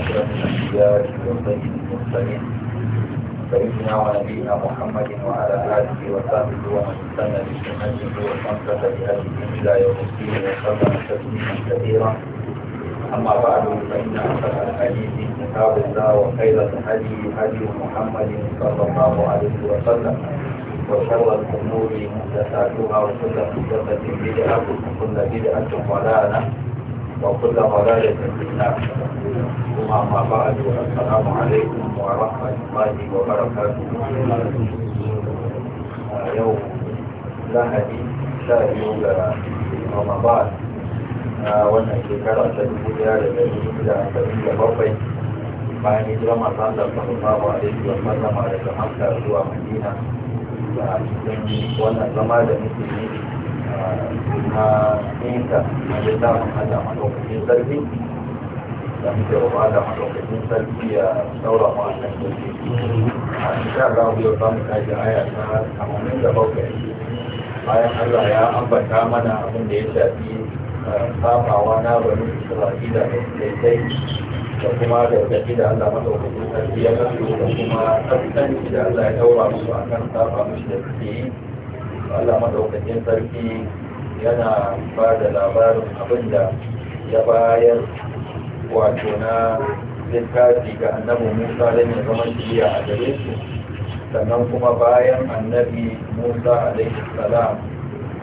أشرف الأنبياء والسيد المرسلين سيدنا ونبينا محمد وعلى آله وصحبه ومن استنى بسنته واستمسك بهديه إلى يوم الدين وسلم تسليما كثيرا أما بعد فإن أحسن الحديث كتاب الله وخير الهدي هدي محمد صلى الله عليه وسلم وشر الأمور محدثاتها وكل محدثة بدعة وكل بدعة ضلالة وكل ضلالة في النار ثم ما بعد والسلام عليكم ورحمة الله وبركاته يوم لهدي شهر رمضان wannan shekara ta dubu daya da dari hudu da ashirin da bakwai bayan hijirar manzon da sallallahu alaihi wa sallama daga hamsa zuwa madina da cikin wannan zama da muke yi na ɗinka a littafin Allah maɗaukakin sarki da muke wa Allah maɗaukakin sarki ya saura wannan sarki a yau za mu aya ta tamanin da bakwai bayan Allah ya ambata mana abin da ya shafi eh, safawa na bari Isra'ila da sai da kuma gargaɗi da Allah maɗaukakin sarki ya kasu da kuma tsantsanci da Allah ya daura musu akan safa musu da suke yi Allah madaukakin sarki yana ba da labarin abin da ya bayar wato na littafi ga annabi musa da ya zama jiya a gare su sannan kuma bayan annabi musa alaihi salam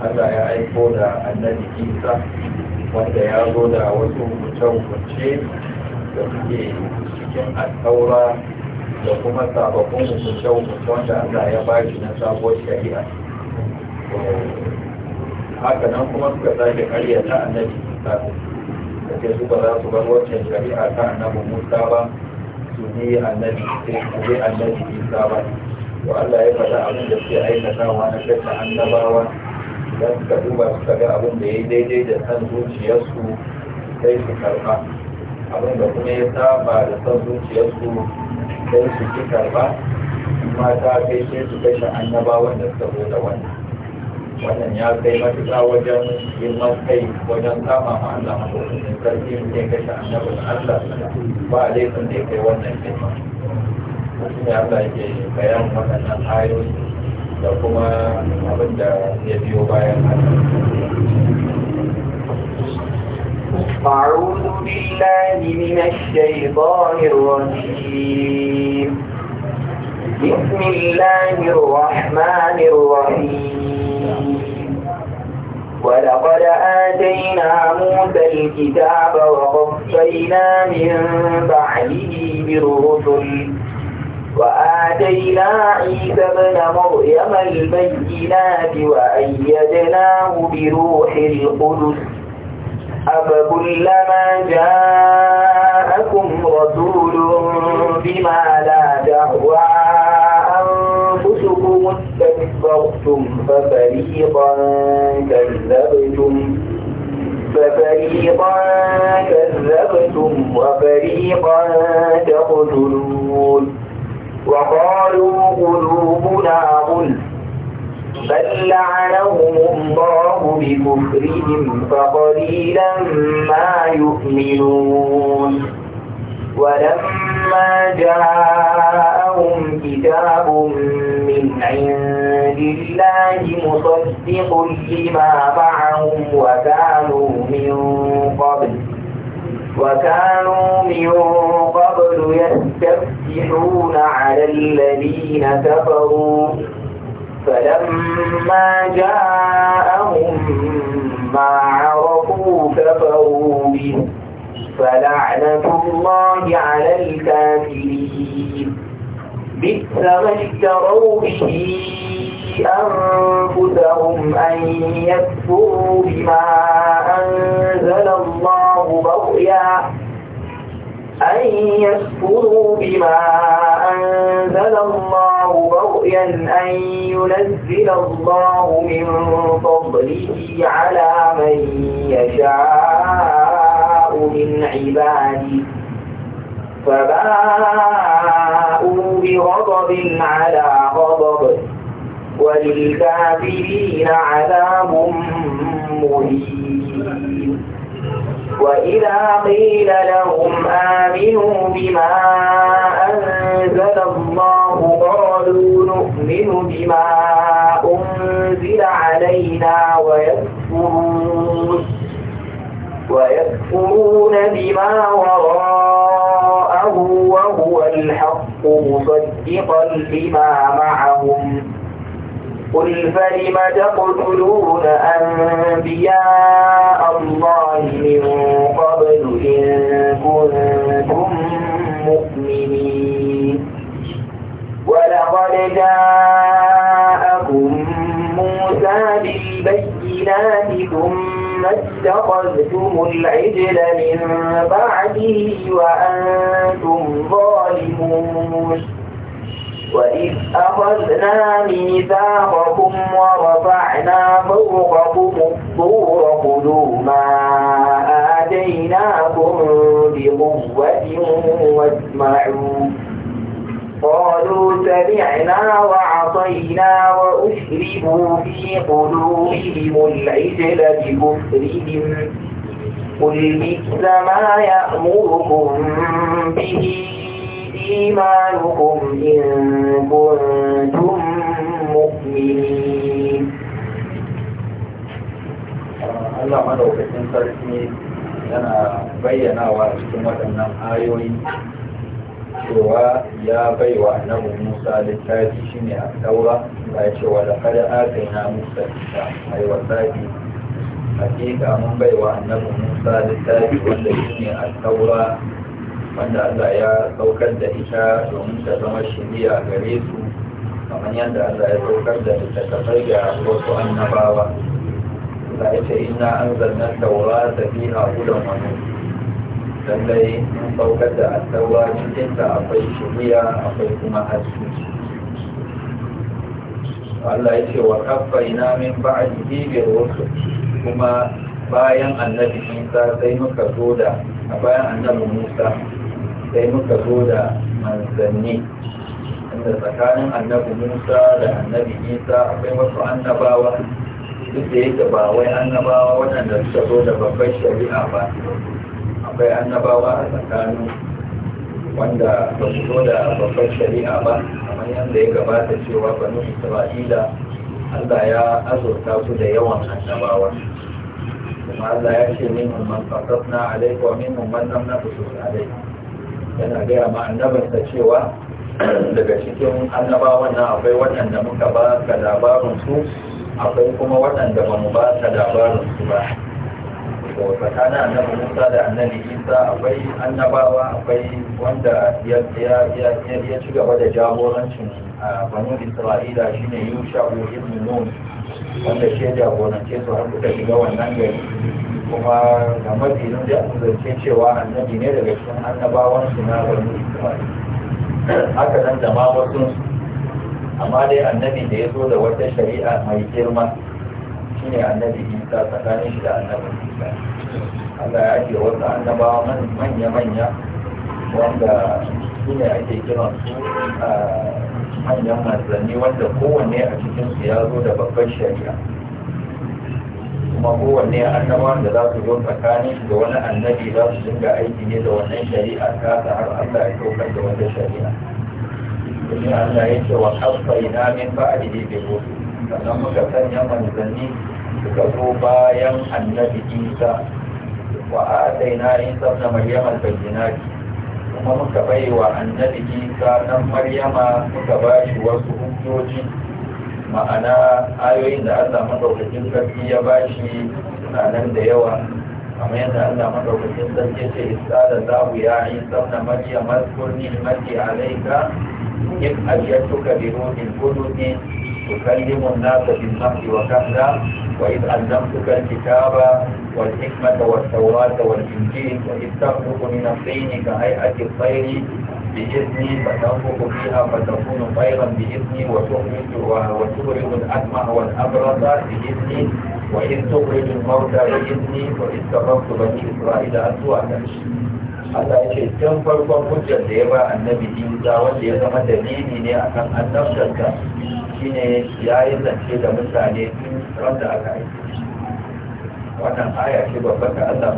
allah ya aiko da annabi isa wanda ya zo da wasu mutum hukunce da suke cikin alkaura da kuma sababbin mutum hukunce wanda allah ya ba shi na sabuwar shari'a haka nan kuma suka sake karya ta annabi musa da ke suka za su bar wancan shari'a ta annabi musa ba su ne annabi su ne annabi musa ba to allah ya faɗa abin da suke wa na shakka annabawa idan suka duba suka ga abin da ya yi daidai da san zuciyarsu sai su karɓa abin da kuma ya saba da san zuciyarsu sai su ki karɓa kuma ta kai sai su kashe annabawan da suka zo da wannan wannan ya kai matuƙa wajen yin kai wajen kama ma Allah maɗaukakin sarki ne kashe annabin Allah ba a laifin da ya kai wannan girma shi ya Allah ke bayan waɗannan ayoyi da kuma abin da ya biyo bayan haka أعوذ بالله من الشيطان الرجيم بسم الله الرحمن الرحيم ولقد آتينا موسى الكتاب وغفينا من بعده بالرسل وآتينا عيسى ابن مريم البينات وأيدناه بروح القدس أفكلما جاءكم رسول بما لا تهوى أنفسكم أكبرتم ففريقا كذبتم ففريقا كذبتم وفريقا تقتلون وقالوا قلوبنا غلف بل لعنهم الله بكفرهم فقليلا ما يؤمنون ولما جاءهم كتاب من عند الله مصدق لما معهم وكانوا من قبل وكانوا من قبل يستفتحون على الذين كفروا فلما جاءهم ما عرفوا كفروا به فلعنة الله على الكافرين بئس ما اشتروا به أنفسهم أن يكفروا بما أنزل الله بغيا أن يكفروا بما أنزل الله بغيا أن ينزل الله من فضله على من يشاء من عبادي فباءوا بغضب على غضب وللكافرين عذاب مهين وإذا قيل لهم آمنوا بما أنزل الله قالوا نؤمن بما أنزل علينا ويكفرون ويكفرون بما وراءه وهو الحق مصدقا لما معهم قل فلم تقتلون أنبياء الله من قبل إن كنتم مؤمنين ولقد جاءكم موسى بالبيت الإله ثم اتخذتم العجل من بعده وأنتم ظالمون وإذ أخذنا ميثاقكم ورفعنا فوقكم الطور خذوا ما آتيناكم بقوة واسمعوا قالوا سمعنا وعطينا وأشربوا في قلوبهم العجل بكفرهم قل بئس ما يأمركم به إيمانكم إن كنتم مؤمنين Allah لو sarki yana بينا cikin waɗannan ayoyi cewa ya bai wa annabi musa littafi ne a taura ba ya cewa da kada aka musa ita ai wasafi hakika mun bai wa annabi musa littafi wanda ne a taura wanda allah ya saukar da ita domin ta zama shiriya gare su kamar yadda allah ya saukar da ita ta bai ga wasu annabawa za a ce ina an zanna taura ta fi gudan wani sallai mun saukar da asawa cikinta akwai shirya akwai kuma haske Allah ya ce wa kafaina min ba'dihi bi wasu kuma bayan annabi musa sai muka zo da a bayan annabi Musa sai muka zo da manzanni inda tsakanin annabi Musa da annabi Isa akwai wasu annabawa duk da yake ba wai annabawa waɗanda suka zo da babbar shari'a ba akwai annabawa a tsakanin wanda ba su zo da babbar shari'a ba kamar yadda ya gabata cewa banu isra'ila allah ya azurta su da yawan annabawa kuma allah ya ce min fasas na alaiku wa min nam na nafsus alai, yana gaya ma annabinsa cewa daga cikin annabawan na akwai waɗanda muka ba ka labarin su akwai kuma waɗanda ba mu ba ka labarin su ba tsakanin annabi musa da annabi isa akwai annabawa akwai wanda ya ci gaba da jagorancin banu isra'ila shine yusha ibn nun wanda shi ya jagorance su har suka shiga wannan gari kuma da mafi da an zance cewa annabi ne daga cikin annabawan su na banu isra'ila haka nan da ma wasu amma dai annabi da ya zo da wata shari'a mai girma shine annabi isa tsakanin shi da annabi isa Allah ya ajiye wasu annabawa manya-manya wanda su ne ake kiran su a manyan manzanni wanda kowanne a cikinsu ya zo da babbar shari'a kuma kowanne annaba da za su zo tsakanin shi da wani annabi za su dinga aiki ne da wannan shari'a ta ta har Allah ya saukar da wata shari'a kuma Allah ya ce wa kafa ina min ba'di bi rusul sannan muka sanya manzanni suka zo bayan annabi isa wa adaina isa na maryama albayyinati kuma muka bai wa annabi isa nan maryama muka ba shi wasu hujjoji ma'ana ayoyin da allah madaukakin sarki ya ba shi suna nan da yawa amma yadda allah madaukakin sarki ce isa da zahu ya isa na maryama kurni mati alaika إذ أجدتك بروح القدس تكلم الناس بالنقد وكهلا وإذ علمتك الكتاب والحكمة والتوراة والإنجيل وإذ تخلق من الطين كهيئة الطير بإذني فتنفخ فيها فتكون طيرا بإذني وتخرج وتخرج الأكمه والأبرص بإذني وإذ تخرج الموتى بإذني وإذ كرمت بني إسرائيل أسواتا Allah ya ce tun farkon hujjar da ya ba annabi Isa wanda ya zama dalili ne akan annabtarsa shine ya yi zance da mutane tun wanda aka yi wannan aya ce babbar da Allah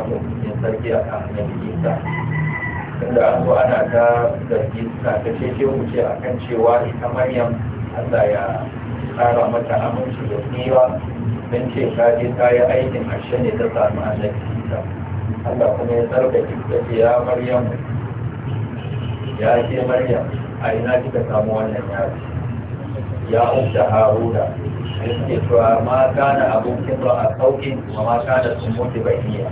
madaukakin sarki a kan annabi Isa inda an zo ana ta zargi suna ta ce mu ce akan cewa ita Maryam Allah ya kara mata aminci da tsiwa don ce ta je ta yi aikin ashe ne ta samu annabi Isa Allah kuma ya tsarkake ta ce ya maryam ya ce maryam a ina kika samu wannan yaro ya ukta haruna yake cewa ma kana abokin ba a sauƙin kuma ma kana sun mutu bai iya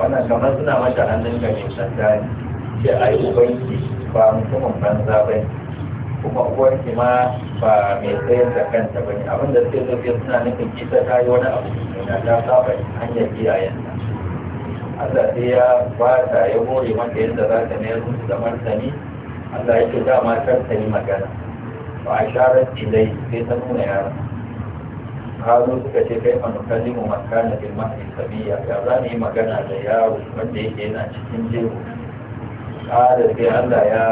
wannan kamar suna mata hannun ga mai sanda ne ce ai ubanki ba mutumin banza ba kuma ubanki ma ba mai tsayar da kanta ba ne abinda suke zafi suna nufin kisa ta yi wani abu na ta saba hanyar iyayenta Allah sai ya ba ta ya more maka yadda za ta mayar musu da martani Allah ya ce dama yi magana ba a shara ilai sai ta nuna yaran kazo suka ce kai fa mu makana bil mahdi sabiya ya za mu yi magana da yaro wanda yake yana cikin jego kada sai Allah ya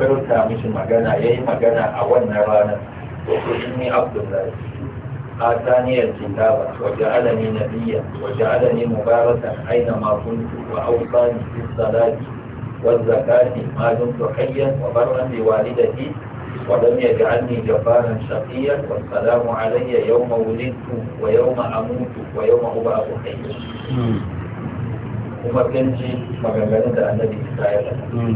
furta mishi magana yayi magana a wannan ranar to ni abdullahi آتاني الكتاب وجعلني نبيا وجعلني مباركا أينما كنت وأوصاني في الصلاة والزكاة ما دمت حيا وبرا بوالدتي ولم يجعلني جبارا شقيا والسلام علي يوم ولدت ويوم أموت ويوم أبعث حيا kuma kin ji maganganun da annabi isa ya faɗa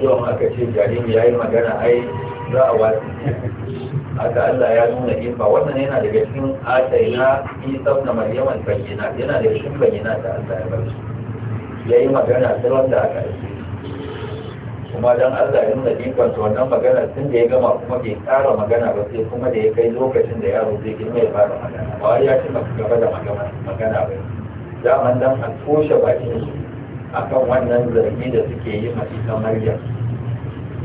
yau aka ce jariri ya yi magana ai za a wasu haka Allah ya nuna ifa wannan yana daga cikin ataina isa na maryama bayyana yana daga cikin bayyana da Allah ya bar ya yi magana sai wanda aka yi kuma dan Allah ya nuna ikon to wannan magana tun da ya gama kuma bai kara magana ba sai kuma da ya kai lokacin da yaro zai girma ya fara magana ba ya ci gaba da magana ba man dan a toshe bakin shi akan wannan zargi da suke yi ma isa Maryam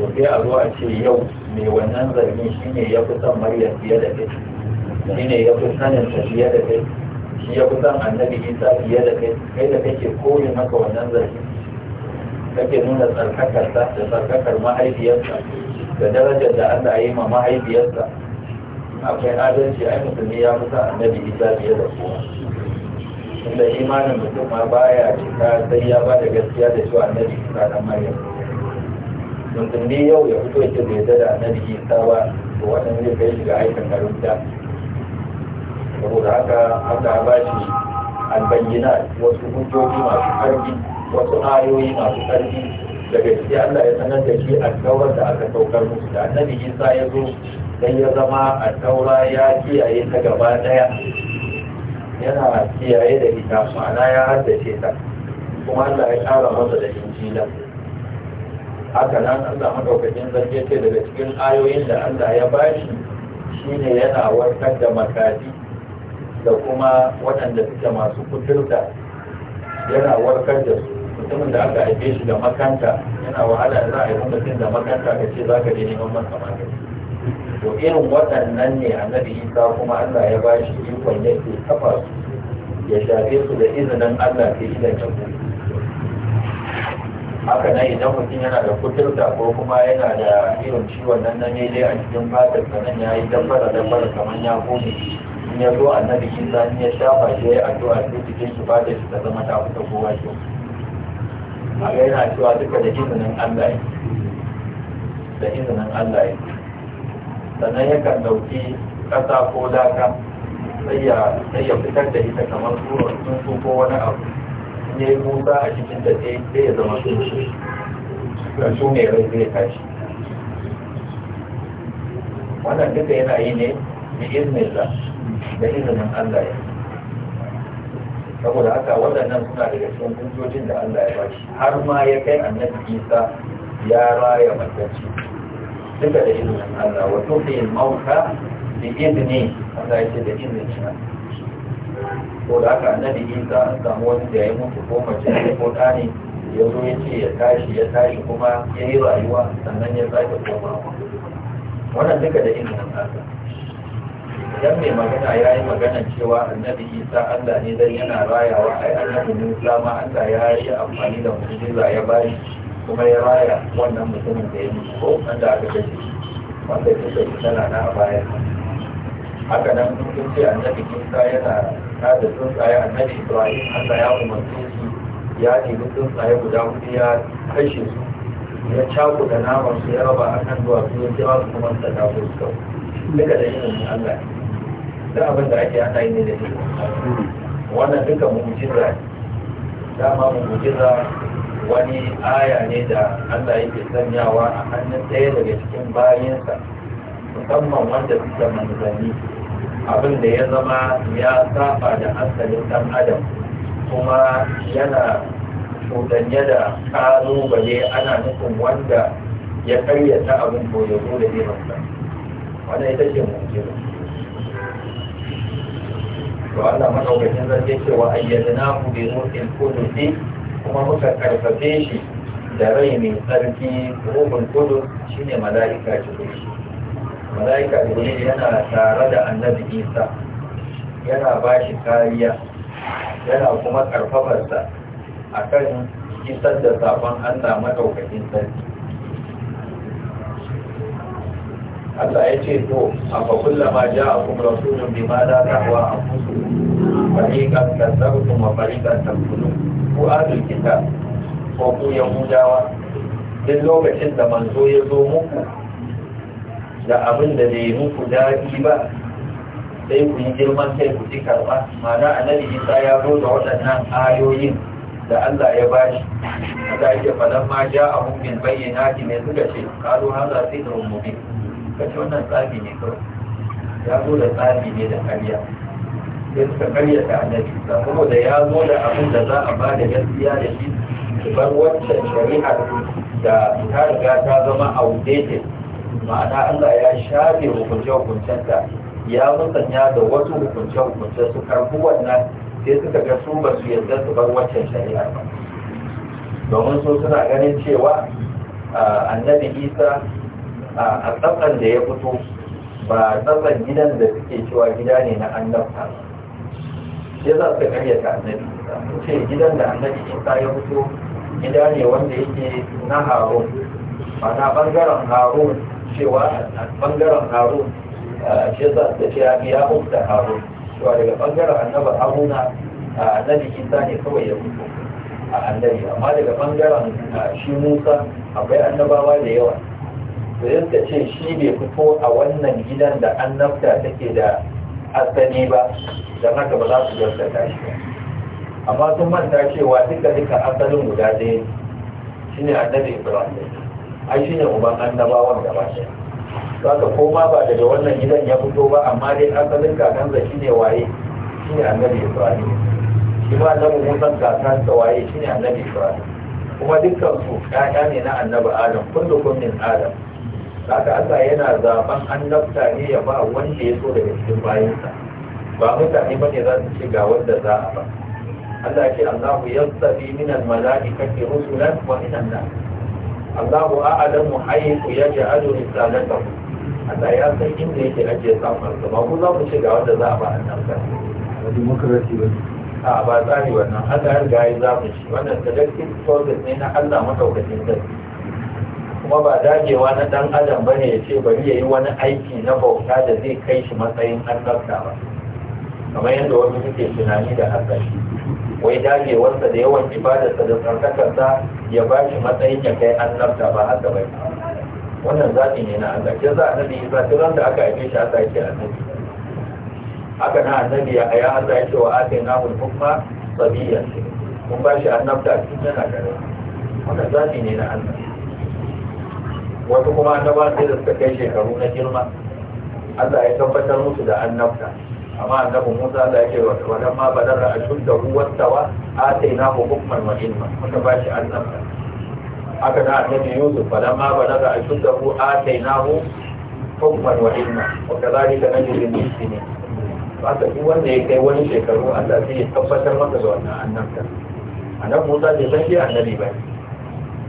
to sai a zo a ce yau mai wannan zargin shi ne ya fi son mariya fiye da kai shi ne ya fi sanin ta fiye da kai shi ya fi son annabi isa fiye da kai kai da kake koyin maka wannan zargin kake nuna tsarkakar tsarkakarsa da tsarkakar mahaifiyarsa da darajar da Allah ya yi ma mahaifiyarsa akwai adalci ai musulmi ya fi son annabi isa fiye da kowa inda imanin mutum ma baya cika sai ya ba da gaskiya da cewa annabi isa dan mariya ne yau ya fito ya bai zada jiki isa ba to wannan zai kai shiga aikin aikin karunta saboda haka Allah ba shi albayyana wasu hujjoji masu ƙarfi wasu ayoyi masu ƙarfi daga ciki Allah ya sanar da shi alƙawar da aka saukar musu da annabi isa ya zo sai ya zama a taura ya kiyaye ta gaba daya yana kiyaye da ita ma'ana ya haddace ta kuma Allah ya ƙara masa da injila haka nan Allah madaukakin zarge ce daga cikin ayoyin da Allah ya bashi shine yana warkar da makafi da kuma waɗanda suke masu kuturta yana warkar da su mutumin da aka haife shi da makanta yana wahala za a yi mutum da makanta ka ce za ka je neman masa magani to irin waɗannan ne a nabi isa kuma Allah ya bashi ikon yake kafa su ya shafe su da izinin Allah ke idan ya haka nan idan mutum yana da da ko kuma yana da irin ciwon nan na mele a cikin fatar sanan ya yi dabbara dabbara kamar ya gome in ya zo annabi isa in ya shafa shi ya yi addu'a sai cikin shi fatar shi ta zama ta fita kowa shi a ga yana cewa duka da izinin allah da izinin allah sannan yakan ɗauki ƙasa ko laka sai ya fitar da ita kamar tsoron tun ko wani abu ya yi musa a cikin da sai ya zama sun shi da su ne rai zai tashi wannan duka yana yi ne da izinin da da izinin Allah ya saboda haka waɗannan suna daga cikin hujjojin da Allah ya bashi har ma ya kai annabi Isa ya raya matacci duka da izinin Allah wa tuhi mauta bi izni Allah ya ce da izinin shi ko da aka annabi isa an samu wani da ya mutu ko mace ne ko ɗa ne ya zo ya ce ya tashi ya tashi kuma ya yi rayuwa sannan ya sake komawa wannan duka da ilimin nasa idan mai magana ya yi magana cewa annabi isa allah ne zai yana rayawa ai annabi musa ma allah ya yi amfani da mu'jiza ya bari kuma ya raya wannan mutumin da ya mutu ko wanda aka kashe wanda ya kashe tana na a bayan haka nan kun ce annabi isa yana da tsuntsaye annabi ibrahim allah ya umarci su ya nemi tsuntsaye guda hudu ya kashe su ya da naman su ya raba akan su ya kira su kuma ta da su kau daga da yin allah da abin da ake ana yi ne da yin wannan duka mu'jiza dama mu'jiza wani aya ne da Allah yake sanyawa a hannun ɗaya daga cikin bayansa musamman wanda suka manzanni abin da ya zama ya saba da hankalin dan adam kuma yana cuɗanye da ƙalubale ana nufin wanda ya karyata abin ko ya zo da zai masa wanda ita ce mutum to Allah madaukakin zai ce ayyana ayyadna ku bi ruhin qudusi kuma muka karfafe shi da rai mai tsarki ruhul kudu shine mala'ika shi. malaika jibril yana tare da annabi isa yana ba shi kariya yana kuma karfafarsa a kan isar da sabon allah maɗaukakin sarki allah ya ce to a fakulla ma ja a kuma rasulun bi ma da tawa a kusu fariƙan kasarutun wa fariƙan tabbulu ko arzikita, ko ku yahudawa duk lokacin da manzo ya zo muku da abin da bai muku daɗi ba sai ku yi girman kai ku ci karɓa mana annabi isa ya zo da waɗannan ayoyin da Allah ya bashi Allah ya faɗa ma ja a hukumin bayyana ki mai suka ce kalu su sai da ka ce wannan tsami ne kawai ya zo da tsami ne da karya sai suka karya ta annabi saboda ya zo da abin da za a ba da gaskiya da shi bar wancan shari'ar da ta riga ta zama outdated ma'ana Allah ya shafe hukunce-hukuncenta ya musanya da wasu hukunce-hukunce su karfi wannan sai suka ga su ba su yadda su bar waccan shari'a ba domin su suna ganin cewa annabi isa a tsakan da ya fito ba tsakan gidan da suke cewa gida ne na annabta sai za su karyata annabi ce gidan da annabi isa ya fito gida ne wanda yake na harun ma'ana bangaren harun cewa ɓangaren bangaren harun ce za da ce ya mutu harun cewa daga bangaren annabi haruna annabi isa ne kawai ya mutu a annabi amma daga bangaren shi musa akwai annabawa da yawa da yadda ce shi bai fito a wannan gidan da annabta take da asali ba don haka ba za su gaskata shi ba amma sun manta cewa duka duka asalin guda ɗaya shine annabi ibrahim ai shine uban annabawan gaba ɗaya zaka koma ba daga wannan gidan ya fito ba amma dai asalin shi shine waye shine annabi Ibrahim shi ma san kakan sa waye shine annabi Ibrahim kuma dukkan su ƴaƴa ne na annabi Adam kullukum min Adam haka Allah yana zaban annabta ne ya ba wanda ya so daga cikin bayinsa ba mutane ba ne za su ci ga wanda za a ba Allah ya ce Allahu yastabi min al-mala'ikati rusulan wa minan nas Allahu a'lamu haythu yaj'alu risalatahu Allah ya san inda yake ajiye samarsa ba ku za ku ci ga wanda za a ba annabta ba demokrasi ba a ba tsari wannan Allah ya riga za mu ci. wannan selective process ne na Allah madaukakin sarki kuma ba dagewa na dan adam bane ya ce bari yayi wani aiki na bauta da zai kai shi matsayin annabta ba kamar yadda wani suke tunani da hasashi wai dagewarsa da yawan ibadarsa da tsarkakarsa ya ba shi matsayin ya kai annabta ba haka bai wannan zaɓi ne na Allah ke za a nabi isa ta ran da aka haife shi aka yake annabi haka na annabi ya aya Allah ya ce wa ake na hulhumma sabiyan mun ba shi annabta cikin yana gare wannan zaɓi ne na Allah wasu kuma annaba sai da suka kai shekaru na girma Allah ya tabbatar musu da annabta amma annabi Musa da yake wa wannan ma badara ashuddahu wastawa atainahu hukman wa ilma ba bashi annabta aka da annabi Yusuf falan ma badara ashuddahu atainahu hukman wa ilma wa kadhalika najzi ne ba ta duk wanda ya kai wani shekaru Allah zai tabbatar masa da wannan annabta annabi Musa bai san shi annabi ba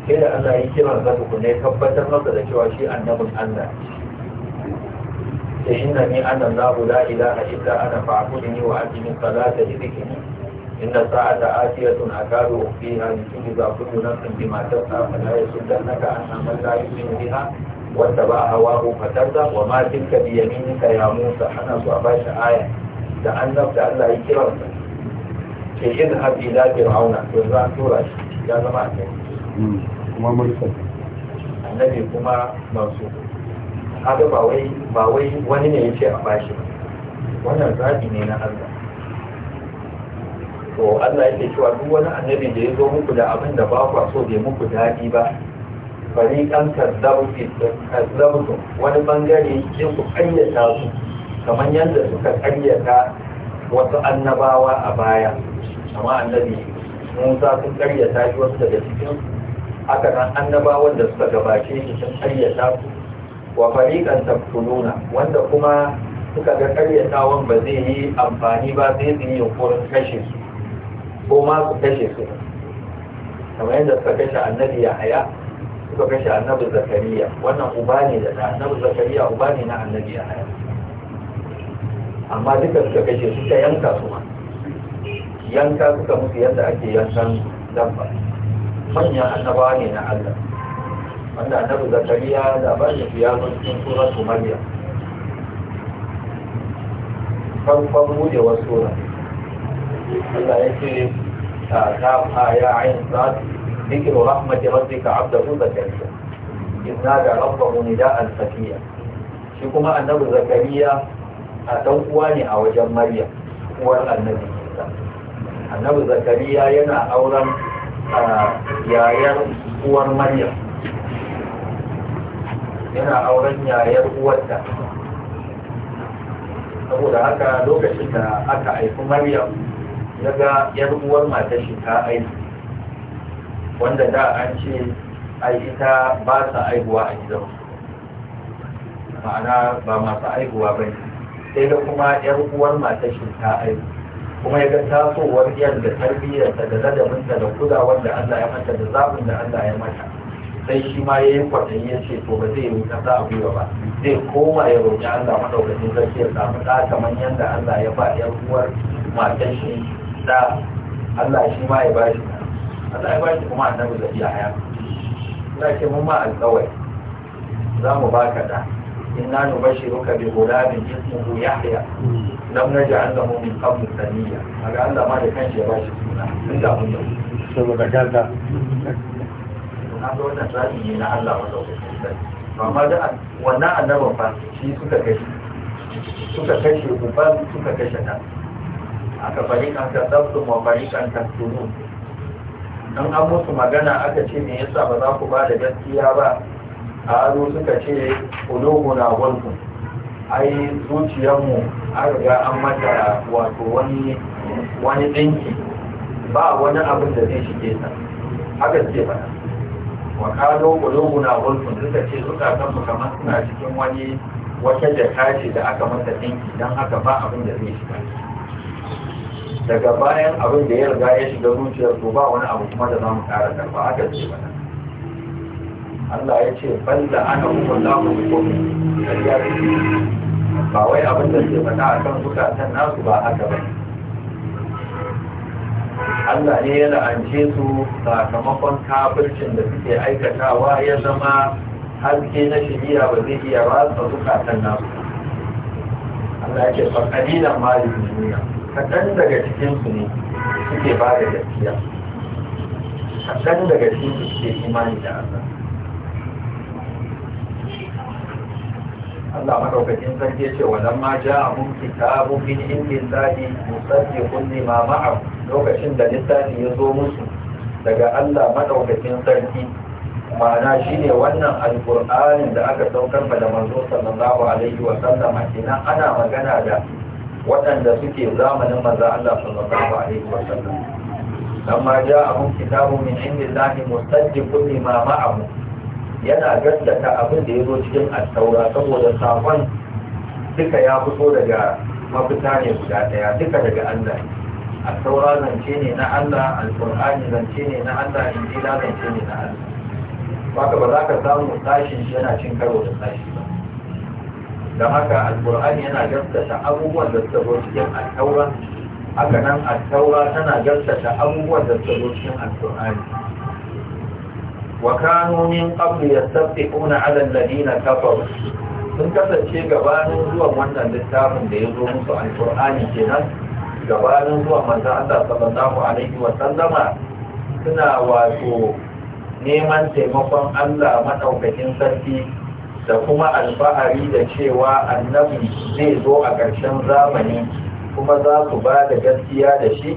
sai da Allah ya kira sa ne tabbatar masa da cewa shi annabin Allah فإنني أنا الله لا إله إلا أنا فاعبدني وأقم الصلاة لذكري إن الساعة آتية أكاد أخفيها لتجزى كل نفس بما تسعى فلا يصدنك عنها من لا يؤمن بها واتبع هواه فترضى وما تلك بيمينك يا موسى أنا صعباش آية تأنب تألا يكرمك اذهب إلى فرعون فرعون تورش يا زمان kuma mulkin annabi kuma masu kaga ba wai ba wai wani ne yace a bashi ba wannan zabi ne na Allah to Allah yake cewa duk wani annabi da ya zo muku da abin da ba ku so bai muku daɗi ba bari kan kazzabu wani bangare sai ku ƙayyata su kamar yadda suka ƙayyata wasu annabawa a baya amma annabi Musa sun ƙaryata shi wasu daga cikin haka nan annabawan da suka gabace shi sun ƙaryata su wa fariqan taqtuluna wanda kuma suka ga karyatawan ba zai yi amfani ba sai su yi yunkurin kashe su ko ma su kashe su kamar yadda suka kashe annabi yahaya suka kashe annabi zakariya wannan uba ne da na annabi zakariya uba ne na annabi yahaya amma duka suka kashe suka yanka su ma yanka suka musu yadda ake yankan dabba manyan annabawa ne na allah wanda annabi zakariya da su ya zo cikin suratu maryam farkon wasu sura Allah ya ce ta ya ayin sa'ad ذكر رحمة ربك عبده زكريا إذ نادى ربه نداء tafiya. shi kuma annabi zakariya a dan uwa ne a wajen maryam uwar annabi isa annabi zakariya yana auren ah, yayar uwar maryam yana auren yayar uwarta saboda haka lokacin da aka haifi maryam ya ga yar uwar matar shi ta aiki wanda da an ce ai ita ba sa aihuwa a gidan ma'ana ba masu aihuwa ba ne sai da kuma yar uwar matar shi ta aiki kuma ya ga tasowar yar da tarbiyyarta da ladabinta da kudawar da Allah ya mata da zaɓin da Allah ya mata sai shi ma ya yi kwanan ya ce to ba zai yi wuta za a gwiwa ba zai koma ya roƙi allah madaukakin zai ya samu ɗa kamar yadda allah ya ba ɗan uwar matan shi da allah shi ma ya ba shi allah ya ba shi kuma annabi zai iya haya ina ce mun ma alƙawai za mu ba ka da in na nuna shi ruka bi gula min jinsu ya haya lam na ji allah mu min kan mutaniya a ga allah ma da kanshi ya ba shi suna inda mun yau saboda gaza na ga wannan tsari ne na Allah wanda kuka amma da wannan annaban fa shi suka kashe suka kashe uban suka kashe ta aka farikan ka ma wa kan ka tunun dan an musu magana aka ce me yasa ba za ku ba da gaskiya ba a aro suka ce kulogu na gulku ai zuciyarmu an riga an mata wato wani wani ɗinki ba wani abin da zai shige ta haka ce bana wa kado qulubuna gulfun duka ce suka san mu kamar suna cikin wani wata jaka ce da aka masa dinki dan haka ba abin da zai shiga daga bayan abin da ya riga ya shiga zuciyar to ba wani abu kuma da za mu kara karba aka ce ba Allah ya ce da ana hukunta ku ko ba wai abin da ke faɗa akan san nasu ba haka ba. Allah ne ya la'ance su sakamakon kafircin da suke aikatawa ya zama haske na shari'a ba zai iya ba su zukatan nasu Allah ya ce fa kalilan ma duniya kaɗan daga cikin su ne suke ba da gaskiya kaɗan daga cikin su suke imani da Allah Allah madaukakin sarki yace nan ma ja'a mun kitabu min indillahi musaddiqun lima ma'a lokacin da littafi ya zo musu daga Allah madaukakin sarki ma'ana shine wannan alqur'anin da aka saukar da manzo sallallahu alaihi wa sallam kenan ana magana da waɗanda suke zamanin maza Allah sallallahu alaihi wa sallam amma ja'a mun kitabu min indillahi musaddiqun lima ma'a yana gaskata abin da ya zo cikin attaura saboda sakon duka ya fito daga mafita ne guda daya duka daga Allah attaura zance ne na Allah Alƙur'ani zance ne na Allah injila zance ne na Allah baka ba za ka samu sashin shi yana cin karo da sashi ba don haka Alƙur'ani yana gaskata abubuwan da suka zo cikin attaura haka nan attaura tana gaskata abubuwan da suka zo cikin alqur'ani وكانوا من قبل يستفتحون على الذين كفروا sun kasance gabanin zuwan wannan littafin da ya zo musu alkur'ani kenan gabanin zuwan manzan Allah sallallahu alaihi wa sallama suna wato neman taimakon Allah madaukakin sarki da kuma alfahari da cewa annabi zai zo a ƙarshen zamani kuma za su ba da gaskiya da shi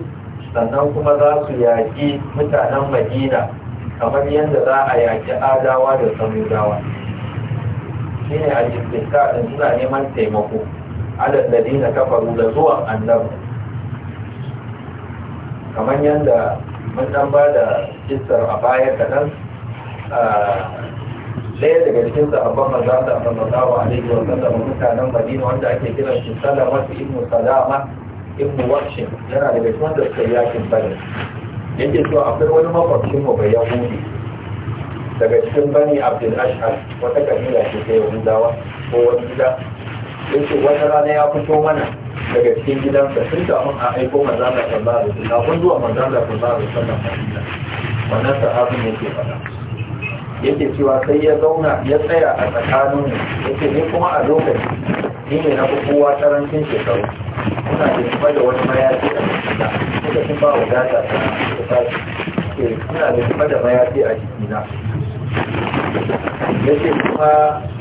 sannan kuma za su yaƙi mutanen madina kamar yadda za a yaƙi adawa da samudawa shi ne a jirgin da suna neman taimako dina ta kafaru da zuwan annabi kamar yadda mun ɗan ba da kistar a baya kaɗan ɗaya daga cikin sahabban maza da sallallahu alaihi wa sallam mutanen Madina wanda ake kiran shi su ibn Salama ibn wakshin yana daga cikin da suka yakin bane yake so akwai wani mafarkin mu bai yahudi daga cikin bani abdul ashar wata kabila ce ta yahudawa ko wani gida yake wata rana ya fito mana daga cikin gidansa sun da mun a aiko manzan da sallallahu alaihi kun zuwa manzan da sallallahu alaihi wasallam wannan sahabin ke faɗa yake cewa sai ya zauna ya tsaya a tsakanin yake ne kuma a lokaci ni ne na kowa tarancin shekaru kuna da da wani mayaki a cikin lokacin ba wadata ta tashi ke eh, suna da kuma da mayafi a jikina ya ce kuma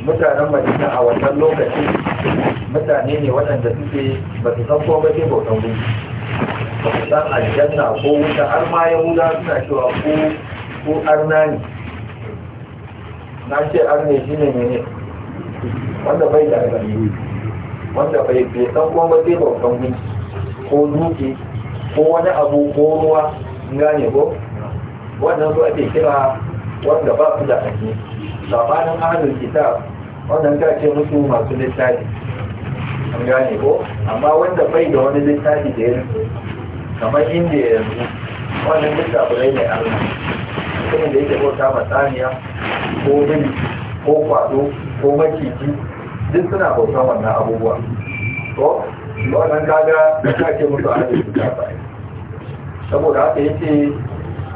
mutanen madina a wannan lokacin mutane ne waɗanda suke ba su san ko ba ke bautan wuri ba su san aljanna ko wuta har ma yahuda suna cewa ko ko arna ne na ce arne shi ne ne wanda bai da ne wanda bai san ko ba ke bautan wuri ko duki ko wani abu ko ruwa gane ko wannan zuwa ake kira wanda ba su da ake sabanin ahalin kitab wannan ka ce musu masu littafi an gane ko amma wanda bai da wani littafi da ya kamar inda ya yanzu wannan littafi rai mai arna kuma da yake bauta matsaniya ko bin ko kwado ko maciji duk suna bauta wannan abubuwa ko wannan kaga da kake musu a hajji su saboda haka ce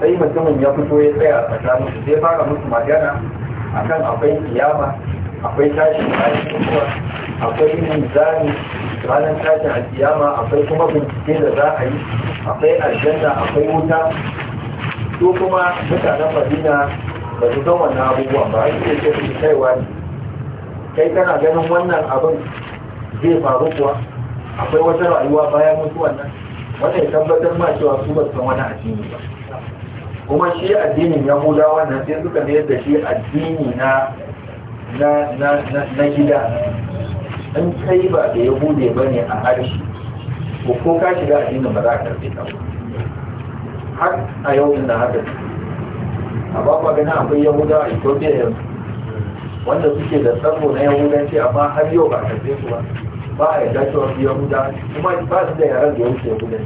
sai mutumin ya fito ya tsaya tsakanin su sai fara mutu magana akan akwai kiyama akwai tashi bayan mutuwa akwai mizani ranar tashin alkiyama akwai kuma bincike da za a yi akwai aljanna akwai wuta su kuma mutanen madina ba su san wannan abubuwan ba ake ce su kaiwa ne kai tana ganin wannan abin zai faru kuwa akwai wata rayuwa bayan mutuwan nan wanda ya tabbatar ma cewa su ba san wani addini ba kuma shi addinin yahudawa nan sai suka ne da shi addini na na na na gida in kai ba da yahude ba ne a harshe ko ko ka shiga addinin ba za a karfe ka har a yau nan haka a ba ba gani akwai yahudawa a ethiopia yanzu wanda suke da tsaro na yahudanci amma har yau ba a karfe su ba ba a yarda cewa su yahuda kuma ba su da yaran da ya wuce yahuda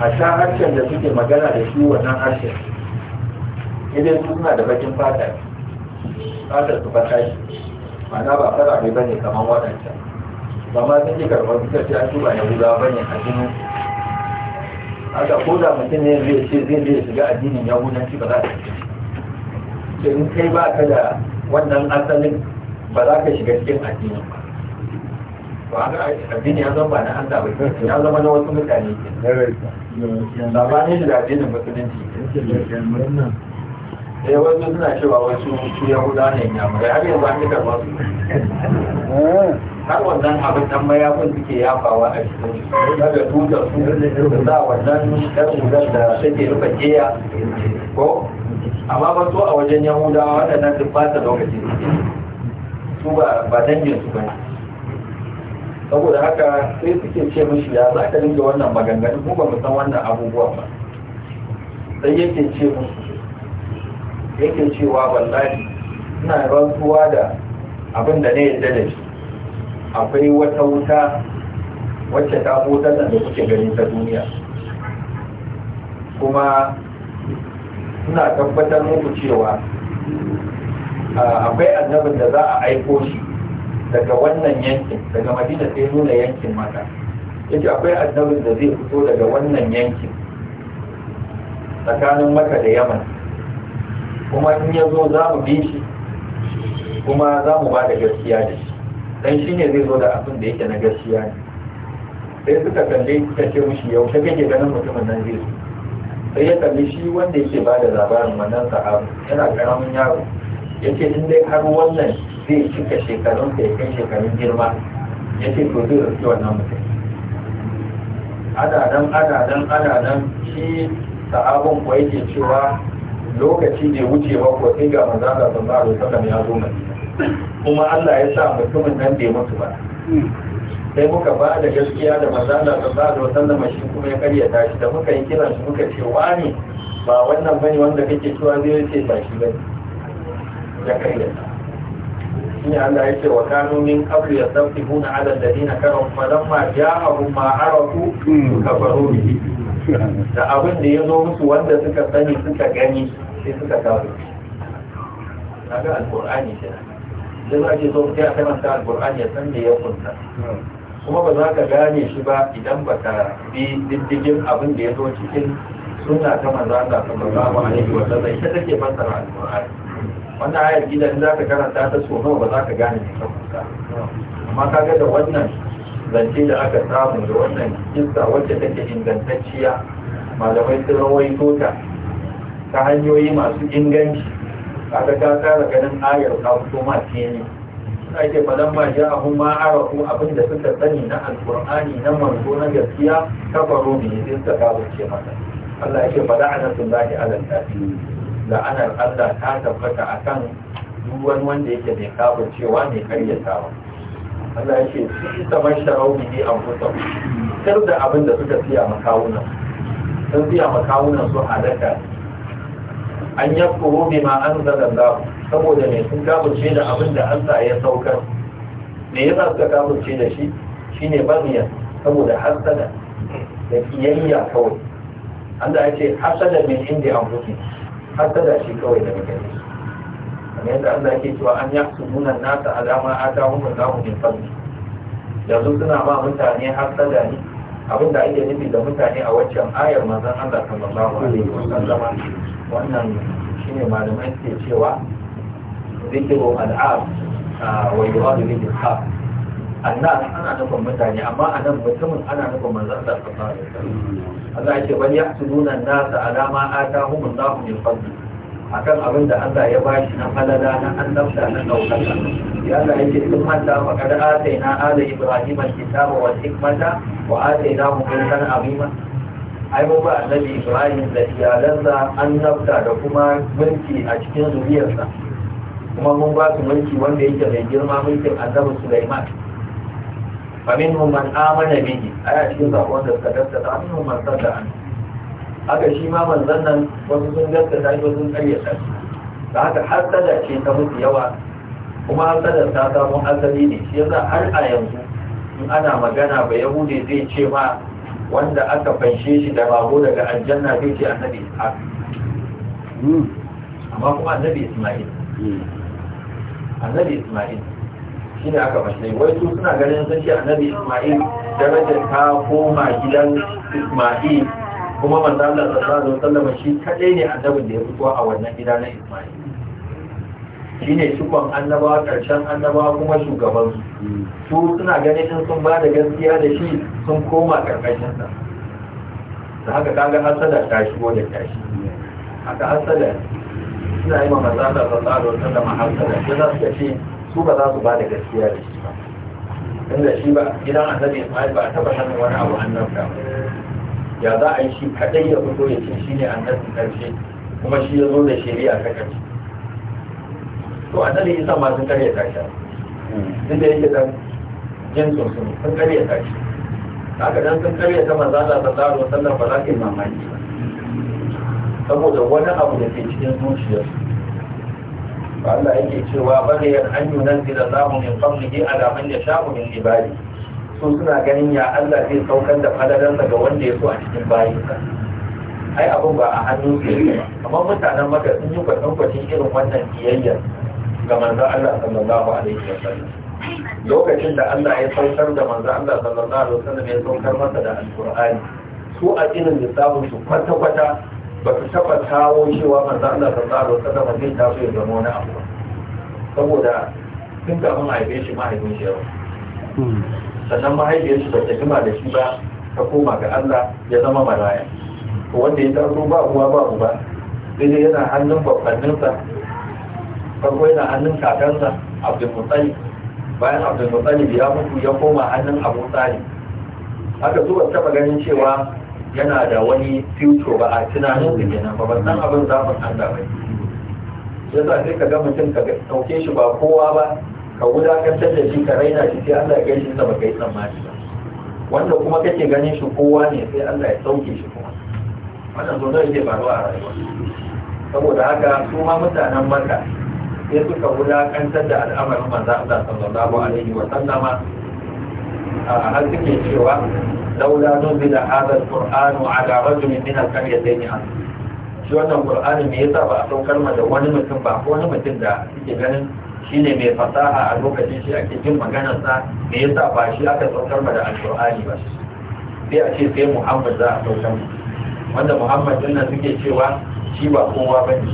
a sha harshen da suke magana da su wannan harshen idan suna da bakin fata fatar su fata shi mana ba fara ne bane kamar waɗancan ba ma sun yi karɓar suka ce an tuba yahuda bane a jinin haka ko da mutum ne zai ce zai zai shiga addinin yahudanci ba za ta ce in kai ba ka da wannan asalin ba za ka shiga cikin addinin ba ba ga addini ya zama na Allah ba ya zama na wasu mutane labarin da addinin musulunci Eh, wasu suna cewa wasu su yahuda ne yamurai har yanzu an yi karɓa su har wannan abin dan mayakun suke yafawa a cikin daga tutar su da wannan ɗan hudar da take rufe keya ko amma ba so a wajen yahudawa waɗannan duk ba ta lokaci su ba dangin su ba ne saboda haka sai suke ce mishi ya za ka dinga wannan maganganun ko ba mu san wannan abubuwa ba sai yake ce musu yake cewa wallahi ina rantsuwa da abin da na yadda da shi akwai wata wuta wacce ta wutar nan da kuke gani ta duniya kuma ina tabbatar muku cewa akwai annabin da za a aiko shi daga wannan yankin daga madina sai nuna yankin maka yake akwai annabin da zai fito daga wannan yankin tsakanin maka da yaman kuma in ya zo za mu bi shi kuma za mu ba da gaskiya da shi Dan shi ne zai zo da abin da yake na gaskiya ne sai suka kalle suka ce mushi ta kake ganin mutumin nan zai zo sai ya kalli shi wanda yake ba da labarin wannan sahabu yana karamin yaro ya ce in dai har wannan zai cika shekarun da ya kai shekarun girma ya ce to zai rufe wannan mutum adadan adadan adadan shi sahabin ko yake cewa lokaci ne wuce ba ko sai ga manzo da sun alaihi wasallam ya zo madina kuma Allah ya sa mutumin nan bai mutu ba sai muka ba da gaskiya da manzo da sallallahu alaihi wasallam shi kuma ya karyata shi da muka yi kiran shi muka ce wani ba wannan bane wanda kake cewa zai ce ba shi bane ya karyata shine Allah ya ce wa kanu min qabli yastafihuna ala alladhina kafaru falamma ja'ahum ma arafu kafaru bihi da abin da ya zo musu wanda suka sani suka gani sai suka kafu kaga alqur'ani kenan dan ake so sai a ta alqur'ani ya san da ya kunta kuma ba za ka gane shi ba idan ba ka bi diddigin abin da ya zo cikin suna ta manzo Allah sallallahu alaihi wa sallam ita take fassara alqur'ani wannan ayar gidan za ka karanta ta so nawa ba za ka gane ta kusa amma ka ga da wannan zance da aka samu da wannan kista wacce take ingantacciya malamai sun rawaito ta ta hanyoyi masu inganci ga ta kara ganin ayar ta fito ma ne ake fadan ma ya ahun ma arafu abin da suka sani na alkur'ani na manzo na gaskiya ta faro ne sai suka kawo ce mata Allah yake fada a sun zaki alal kafiri la'anar Allah ta tabbata a duk wani wanda yake mai kawo cewa mai ba. Allah ya ce su saman sharau ne an kusa sar da abin da suka siya makawunan sun siya makawunan su halaka an yakuru bima anzala Allah saboda mai sun ce da abin da an ya saukar me yasa suka ce da shi Shi shine baniya saboda hasada da kiyayya kawai Allah ya ce hasada min indi anfusihim hasada shi kawai da mutane kamar yadda Allah ke cewa an ya su munan nasa alama a ta hukun zamu min fadli yanzu suna ba mutane hasada ne abin da ake nufi da mutane a waccan ayar manzon Allah sallallahu alaihi wasallama wannan shine malamai ke cewa zikiru al'ab wa yuradu bihi al annas ana nufin mutane amma a nan mutumin ana nufin manzon Allah sallallahu alaihi wasallam Allah ya ce bal ya'tununa an-nas ala ma atahum Allah min fadli akan abin da Allah ya bashi na falala na an nafta na daukaka ya Allah ya ce kun manta fa kad ataina ala ibrahima al-kitaba wa hikmata wa na atainahu mulkan azima ai mu ba annabi ibrahim da iyalansa an nafta da kuma mulki a cikin zuriyarsa kuma mun ba su mulki wanda yake mai girma mulkin annabi sulaiman فمنهم من آمن به أنا أشكي بأقوان تتكتبت عنهم من صد عنه haka shi ma zan nan wasu sun gaskata shi sun karyata shi da haka hasada ce ta mutu yawa kuma hasadar ta samu asali ne shi yasa har a yanzu in ana magana ba yahudi zai ce ma wanda aka fanshe shi da babu daga aljanna zai ce annabi ishaq amma kuma annabi isma'il annabi isma'il shi ne aka mashi wai su suna ganin sun ce annabi ismail darajar ta koma gidan ismail kuma manzo Allah sallallahu alaihi wasallam shi kaɗai ne annabin da ya fito a wannan gida na ismail shi ne cikon annabawa ƙarshen annabawa kuma shugaban su suna ganin in sun ba da gaskiya da shi sun koma ƙarƙashin sa da haka kaga hasada ta shigo da tashi haka hasada suna yi ma manzo Allah sallallahu alaihi wasallam hasada shi za su ce su ba za su ba da gaskiya da shi ba inda shi ba gidan annabi ismail ba a taba hannun wani abu annabta ya za a yi shi kaɗai ya fito ya ce shi ne annabin ƙarshe kuma shi ya zo da shari'a ta ƙarshe to annabi isa ma sun karya shi duk da yake dan jinsin su sun karya shi haka dan sun karya ta manzo Allah sallallahu alaihi wasallam ba za ka yi mamaki ba saboda wani abu da ke cikin zuciyarsu Allah yake cewa bariyar an yunzila Allahu min fadlihi ala man yasha'u min ibadi su suna ganin ya Allah zai saukar da fadalar ga wanda ya so a cikin bayinsa ai abun ba a hannun su yake amma mutanen maka sun yi kwatankwacin irin wannan biyayya ga manzo Allah sallallahu alaihi wasallam lokacin da Allah ya saukar da manzo Allah sallallahu alaihi wasallam ya saukar masa da alqur'ani su a cikin lissafin su kwata-kwata ba su taɓa kawo cewa manzan Allah ta tsaro ta zama zai so ya zama wani abu ba. saboda tun kafin haife shi mahaifin shi yau hmm. sannan mahaifin shi ba ta jima da shi ba ta koma ga Allah ya zama maraya to wanda ya taso ba uwa ba uba sai dai yana hannun babbanninsa farko yana hannun kakansa abdulmutsali bayan abdulmutsali ya mutu ya koma hannun abu tsari haka zuwa taɓa ganin cewa yana da wani future ba a tunanin da kenan ba ban san abin zafin Allah ba ya sa sai ka ga mutum ka dauke shi ba kowa ba ka ka da shi ka raina shi sai Allah ya kai shi ba kai tsammani ba wanda kuma kake ganin shi kowa ne sai Allah ya sauke shi kuma wannan zo zai ke faruwa a rayuwa saboda haka su ma mutanen maka sai suka guda kan da al'amarin manzo Allah sallallahu alaihi wa sallama har suke cewa لولا نزل هذا القرآن على رجل من القريتين عظيم shi wannan qur'ani me yasa ba a saukar da wani mutum ba ko wani mutum da suke ganin shine mai fasaha a lokacin shi ake jin maganarsa sa me yasa ba shi aka saukar ma da Alƙur'ani ba sai a ce sai Muhammad za a saukar wanda Muhammad din nan suke cewa shi ba kowa bane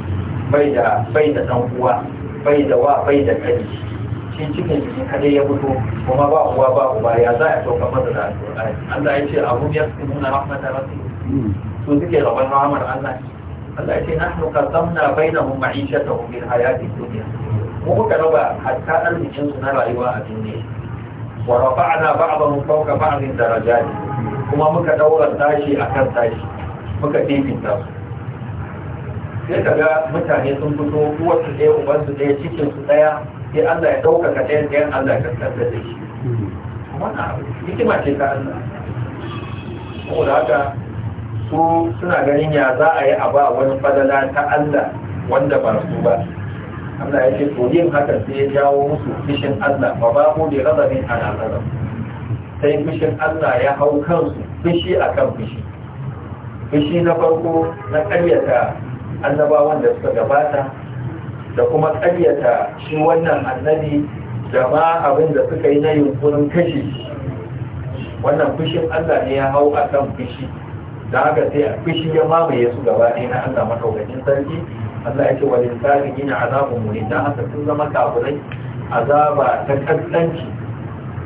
bai da bai da dan uwa bai da wa bai da kai shi cikin jiki kadai ya mutu? kuma ba uwa ba uba ya za a sauka masa da alƙur'ani Allah ya ce abu ya su nuna rahmatar rasu su suke rabon rahamar Allah Allah ya ce nahnu qasamna bainahum ma'ishatahum haya hayati duniya mu kuka raba hatta arzikin su na rayuwa a duniya wa rafa'na ba'dahum fawqa ba'din ne. kuma muka daura tashi akan tashi muka fifita su sai ka ga mutane sun fito su ɗaya ubansu ɗaya cikinsu ɗaya sai Allah ya ɗaukaka ɗayan ɗayan Allah ya kaskantar da shi wannan hikima ce ta Allah Kuma da haka su suna ganin ya za a yi a ba wani fadala ta Allah wanda ba su ba Allah ya ce yin haka sai ya jawo musu fishin Allah ba ba mu da razabin ala sai fishin Allah ya hau kansu fishi kan fishi fishi na farko na ƙaryata annabawan da suka gabata da kuma ƙaryata shi wannan annabi da ma abin da suka yi na yunkurin kashe wannan fushin Allah ne ya hau a kan fushi da haka sai a fushi ya mamaye su gaba ɗaya na Allah maɗaukakin sarki Allah ya ce wa gina azabun muni don haka sun zama kafirai azaba ta kaskanci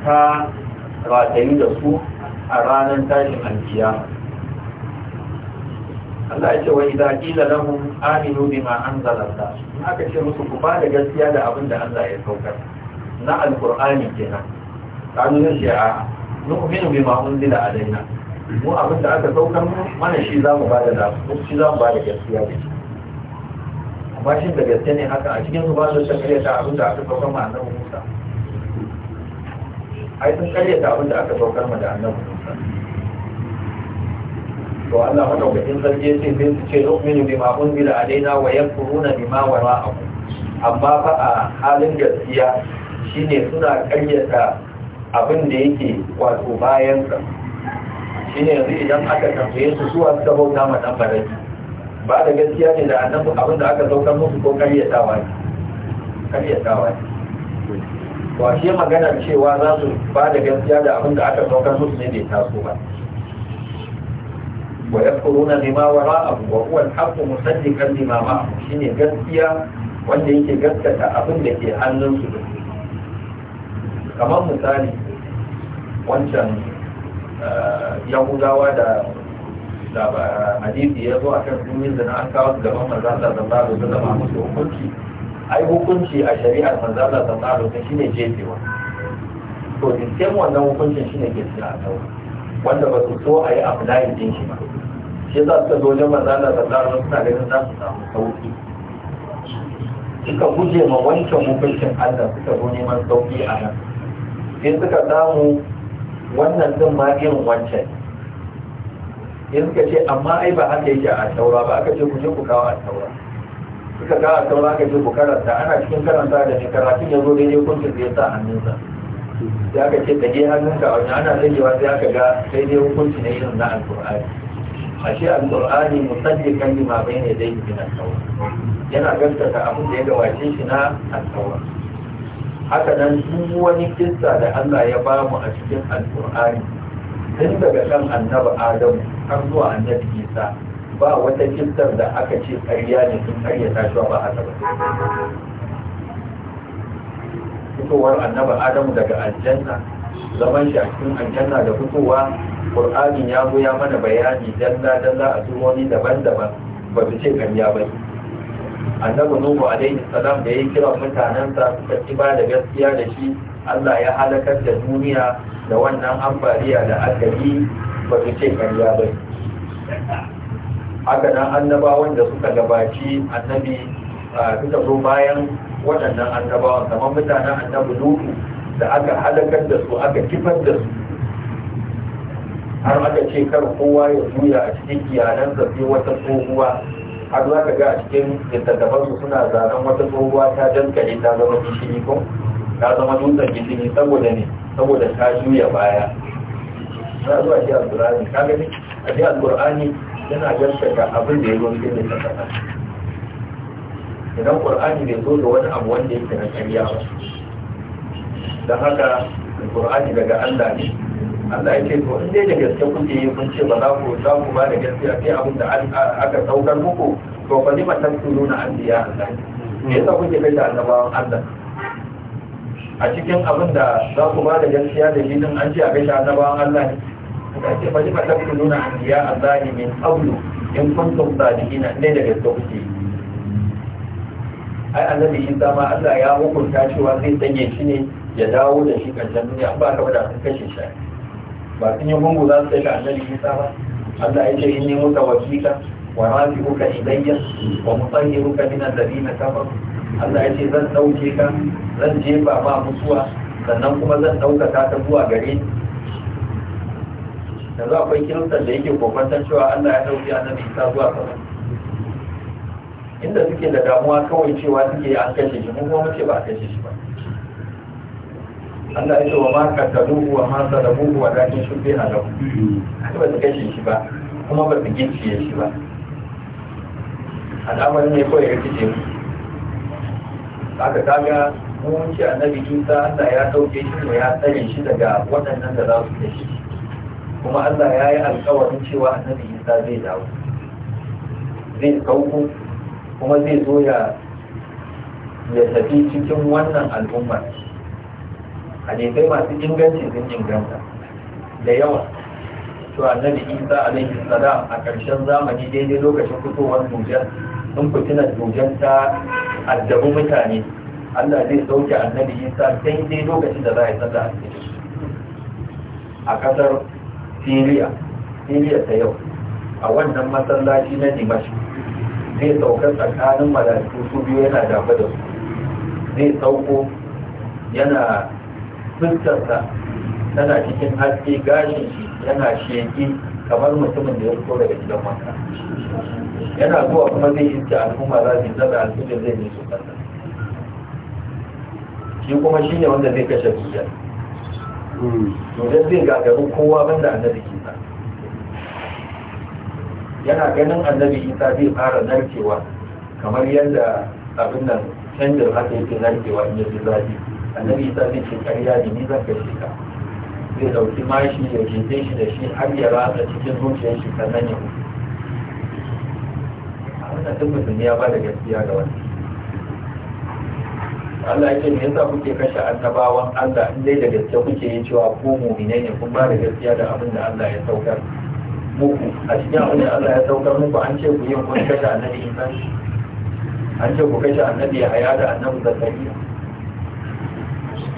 ta ratayi da su a ranar tashin alkiyama Allah ya ce wa idza qila lahum aminu bima Allah in aka ce musu ku ba da gaskiya da abin da Allah ya saukar na alqur'ani kenan kanu ne ya a nu'minu bima unzila alaina mu abin da aka saukar mana shi zamu mu ba da nasu shi za mu ba da gaskiya da shi amma shi da gaske ne haka a cikin su ba su san karyata abin da aka saukar ma annabi Musa ai sun karyata abin da aka saukar mu da annabi Musa to Allah madaukakin sarki ce sai su ce nu'minu bima unzila alaina wa yakfuruna bima wara'ahu amma fa a halin gaskiya shine suna karyata abin da yake wato bayansa shine yanzu idan aka tambaye su zuwa suka bauta ma dan baraki ba da gaskiya ne da annabi abin da aka saukar musu ko karyatawa ne karyatawa ne to ashe maganar cewa za su ba da gaskiya da abin da aka saukar musu ne bai taso ba ويكفرون بما وراءه وهو الحق مصدقا لما معه شنو gaskiya wanda yake gaskata abin da ke hannunsu da su kamar misali wancan eh, yahudawa da da hadisi ya zo akan sun yi zina an kawo gaban manzo Allah sallallahu alaihi wasallam musu hukunci ai hukunci a shari'ar shine jefewa to wannan hukuncin shine ke tsira wanda ba su so a yi applying din shi ba shi za ka zo wajen manzo da sallallahu alaihi wasallam ganin za su samu sauki suka guje ma wancan hukuncin Allah suka zo neman sauki a nan sai suka samu wannan din ma irin wancan in suka ce amma ai ba haka yake a taura ba aka ce ku je ku kawo a taura suka kawo a taura aka ce ku karanta ana cikin karanta da ne ya zo daidai kuncin da ya sa hannunsa sai aka ce ta je hannunka a wani ana ragewa sai aka ga daidai hukunci na irin na alkur'ani ashe alqur'ani musaddiqan lima ne yadayhi min at-tawrat yana gaskata abin da ya gawace shi na at haka nan duk wani kissa da Allah ya ba mu a cikin Alƙur'ani. tun daga kan annabi Adam har zuwa annabi Isa ba wata kissar da aka ce ƙarya ne sun ta shi ba haka ba fitowar annabi Adam daga aljanna zaman shi a aljanna da fitowa qur'anin ya zo ya mana bayani dalla dalla a turoni daban-daban ba su ce kan ya ba annabi nuhu alaihi salam da ya kira mutanensa suka ci da gaskiya da shi Allah ya halakar da duniya da wannan ambaliya da aka yi ba su ce ya ba haka nan annabawan da suka gabaci annabi suka zo bayan waɗannan annabawan kamar mutanen annabi nuhu da aka halakar da su aka kifar da su har aka ce kar kowa ya juya a cikin iyalansa sai wata tsohuwa har za ka ga a cikin su suna zanen wata tsohuwa ta dankali ta zama gishiri ko ta zama dutsen gishiri saboda ne saboda ta juya baya na zuwa shi alkur'ani ka gani a shi alkur'ani yana gaskata abin da ya zo cikin littattafan idan ƙur'ani bai zo da wani abu wanda yake na ƙarya ba don haka alkur'ani daga allah ne allah ya ce to in dai da gaske kuke yi kun ce ba za ku za ku ba da gaskiya kai abin da aka saukar muku to fa lima nuna anbiya allah me yasa kuke kai da annabawan allah a cikin abin da za ku ba da gaskiya da shi din an ce a kai da annabawan allah ne ka ce fa lima nuna anbiya allah ne min qablu in kun kuntum sadiqina ne da gaske kuke yi ai annabi shi ma Allah ya hukunta cewa zai sanya shi ne ya dawo da shi kan duniya ba ka bada sun kashe shi ba sun yi gungu za su tafi annabi isa ba Allah ya ce in ne muka wakila wa rafi, uka ilayya wa mutahhiruka min alladhina kafaru Allah ya ce zan dauke ka zan jefa ma mutuwa sannan kuma zan ka ta zuwa gare ni yanzu akwai kiristan da yake kokwantar cewa Allah ya ɗauki annabi isa zuwa sama inda suke da damuwa kawai cewa suke an kashe shi mun kuma muke ba a kashe shi ba Allah ya ce wa ma katabuhu wa ma buhu wa lakin shubbiha lahu hmm. haka ba su kashe shi ba kuma ba su gicciye shi ba al'amarin ne kawai rikice mu haka kaga mun a annabi Isa Allah ya dauke shi ne ya tsare shi daga waɗannan da za su kashe shi kuma Allah ya yi alkawarin cewa annabi Isa zai dawo zai sauko kuma zai zo ya ya tafi cikin wannan al'ummar hadisai masu inganci sun inganta da yawa to annabi isa alaihi salam a ƙarshen zamani daidai lokacin fitowar dujan sun fitina dujan ta addabi mutane allah zai sauke annabi isa daidai lokacin da za a yi sallah a cikin a ƙasar siriya siriya ta yau a wannan masallaci na dimashi zai saukar tsakanin mala'iku su biyu yana dafa da su zai sauko yana fuskarsa tana cikin haske gashin shi yana sheki kamar mutumin da ya fito daga gidan wanka yana zuwa kuma zai iske al'umma za su zama al'umma zai yi su kasa shi kuma shi ne wanda zai kashe duniya domin zai gagaru kowa banda annabi isa yana ganin annabi isa zai fara narkewa kamar yadda abin nan canjin haka yake narkewa in yaji zafi annabi isa zai ce karya da ni zan shi ka zai dauki mashi ya jefe shi da shi har ya ratsa cikin zuciyar shi sannan ya mutu a wannan duk mutum ya ba da gaskiya ga wani Allah yake me yasa kuke kashe annabawan Allah in dai da gaske kuke yi cewa ko mu'mine ne kun ba da gaskiya da abin da Allah ya saukar muku a cikin abin da Allah ya saukar muku an ce ku yin kun kashe annabi Isa an ce ku kashe annabi haya da annabi Zakariya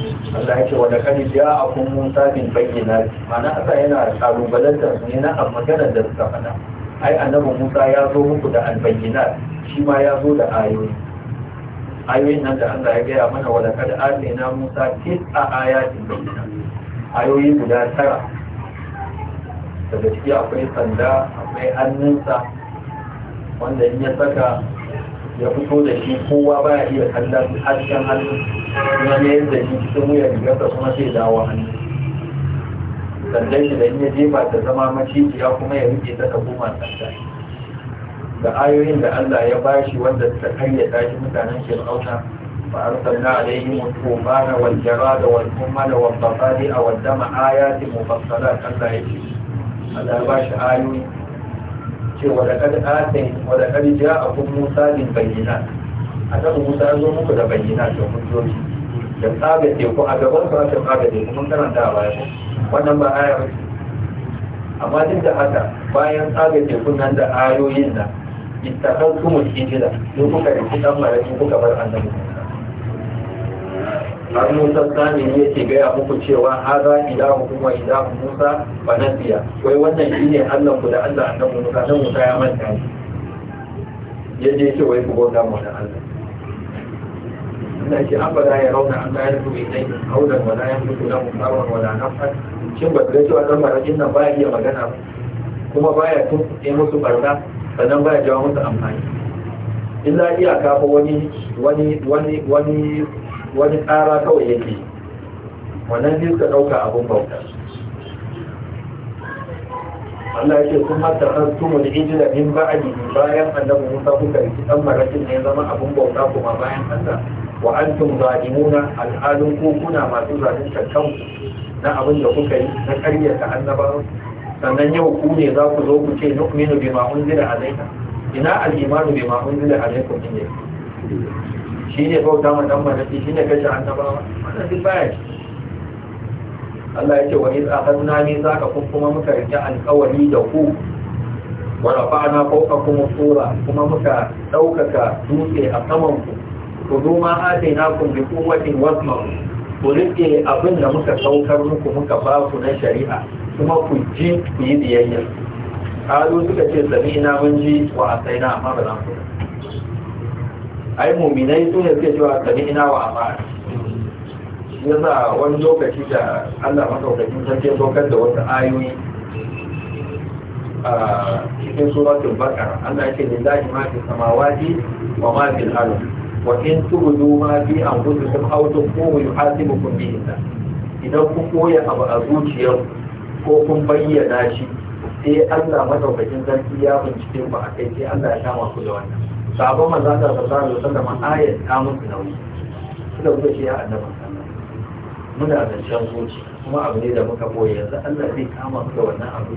Allah yake ce wa laqad ja'akum Musa bin bayyinat mana aka yana kalubalantar ne na maganar da suka faɗa ai annabi Musa ya zo muku da albayyinat shi ma ya zo da ayoyi ayoyin nan da Allah ya gaya mana wa laqad atina Musa tis'a ayatin bayyinat ayoyi guda tara daga ciki akwai sanda akwai hannunsa wanda in ya saka ya fito da shi kowa baya iya kallon hasken hannu kuma ne yadda shi cikin wuya rigarsa kuma sai dawo hannu sandan shi da ya jefa ta zama maciji kuma ya rike ta koma sanda da ayoyin da Allah ya bashi wanda suka karya tashi mutanen a ba na waljara da da Fir'auna فأرسلنا عليهم الطوفان والجراد والقمل والضفادع والدم آيات مفصلات الله يجي هذا باش آيوي ce wadakar atin wadakar ja a kun musa bin bayyana a kan musa zo muku da bayyana da hujjoji da tsaga teku a gaban su aka tsaga teku mun karanta a baya wannan ba aya ba amma duk da haka bayan tsaga teku nan da ayoyin nan ita su mu hijira sai kuka da dan maraki kuka bar annabi har musa sani ne ke gaya muku cewa haza ilahu kuma ilahu musa ba na nasiya wai wannan shi ne allah ku da allah annabi musa nan musa ya manta ne ya je ce wai ku bauta mu da allah Allah ce an ba ya rauna an bayar su bai nai haudan wa la ya mutu na musawar wa la nafsan shin ba su ga cewa dan marakin nan ba iya magana kuma ba ya tun musu barna sannan ba ya jawo musu amfani illa iyaka ko wani wani wani wani wani tsara kawai yake wannan biyu ka ɗauka abin bauta Allah ya ce kun mata hantumu da ijila min ba'adi bayan annabi Musa kuka riki dan marakin ne zama abin bauta kuma bayan Allah wa antum zalimuna al'alun ku kuna masu zalunta kanku na abin da kuka yi na ƙaryata annabawa sannan yau ku ne za ku zo ku ce nu'minu bima unzila alaina ina al-imanu bima unzila alaikum ne shi ne bauta ma dan malaki shi ne kashe annabawa wannan duk baya ce Allah ya ce wa iz akhadna ni zaka kun kuma muka rike alƙawari da ku wa rafa'na fawqakum sura kuma muka daukaka dutse a saman ku ku na atainakum bi quwwatin wasma'u ku rike abin da muka saukar muku muka ba ku na shari'a kuma ku ji ku yi biyayya kalu suka ce sami'na mun ji wa asaina amma ba za ku ai muminai su ne suke cewa sami ina wa amma sa wani lokaci da allah masaukakin sarki ya saukar da wasu ayoyi a cikin suratul bakara allah ya ce zaki ma fi samawati wa ma fi al-ardh wa in tubdu ma fi anfusikum aw tukhfuhu yuhasibukum bihi idan ku koya abu a zuciyar ko kun bayyana shi sai allah masaukakin sarki ya bincike ba a kai sai allah ya sha masu da wannan sabon manzan da sallallahu alaihi wasallam ayat ta musu nauyi suka kuma ce ya annabi muna zancen zuci kuma abu ne da muka boye yanzu Allah zai kama su da wannan abu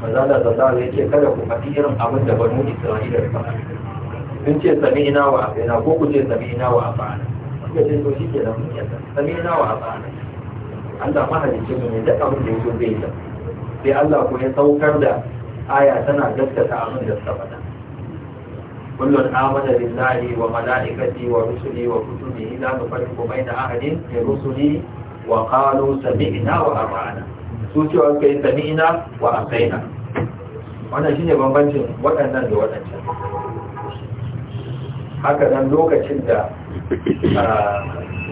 maza da sallallahu ya ce kada ku faɗi irin abin da banu Isra'ila ba. sun ce sami sami'ina wa afa'ina ko ku ce sami'ina wa afa'ina suka ce to ke da mun yadda sami'ina wa afa'ina Allah mahalicci mu ne duk abin da ya yake zai yi sai Allah ku ya saukar da aya tana gaskata abin da suka faɗa كل آمن بالله وملائكته ورسله وكتبه لا نفرق بين أحد من رسله وقالوا سمعنا وأطعنا سوتي أوكي سمعنا وأطعنا wannan shine bambancin waɗannan da waɗancan haka nan lokacin da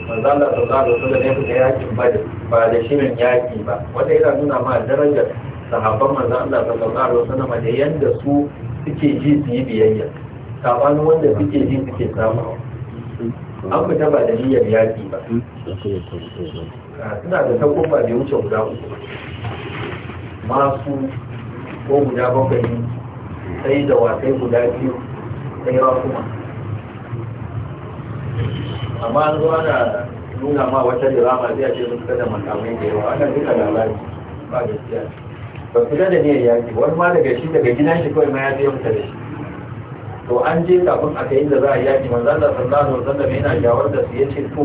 manzala da zaɗa su da ne yakin bada ba da shirin yaƙi ba wanda yana nuna ma darajar sahabban manzala da zaɗa su da yadda su suke ji su yi biyayya sabanin wanda suke ji suke samu an fita ba da niyyar yaƙi ba ah, suna da takwaba da wuce guda uku masu ko guda bakwai sai da wasai guda biyu sai rakuma amma an zuwa da nuna ma wata dirama zai ce sun da makamai da yawa ana duka labari ba gaskiya ba su da niyyar yaƙi wani ma daga shi daga gidan shi kawai ma ya zai fita da shi to an je kafin a kai da za a yaki manzo Allah sallallahu alaihi wasallam yana jawar da su yace to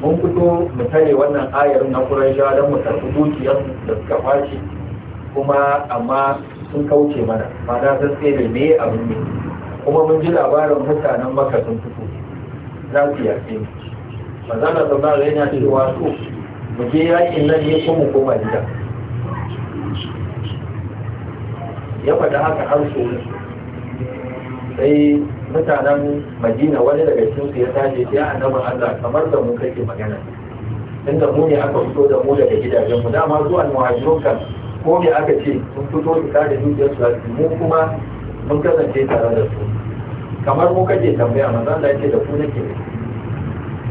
mun fito mu tare wannan ayar na Quraisha dan mu tarfi dukiyar da suka kwace kuma amma sun kauce mana ma'ana sun sai da me abin ne kuma mun ji labarin mutanen Makka sun fito za su yaƙe manzo Allah sallallahu alaihi wasallam yana cewa to mu je yakin nan ne kuma koma gida ya faɗa haka har so sai mutanen madina wani daga cikinsu ya tashi ya annabin allah kamar da mu kake magana inda mu ne aka fito da mu daga gidajen mu dama zuwa muhajirun kan ko me aka ce sun fito su kare dukiyar su mu kuma mun kasance tare da su kamar mu kake tambaya manzo Allah yake da ku nake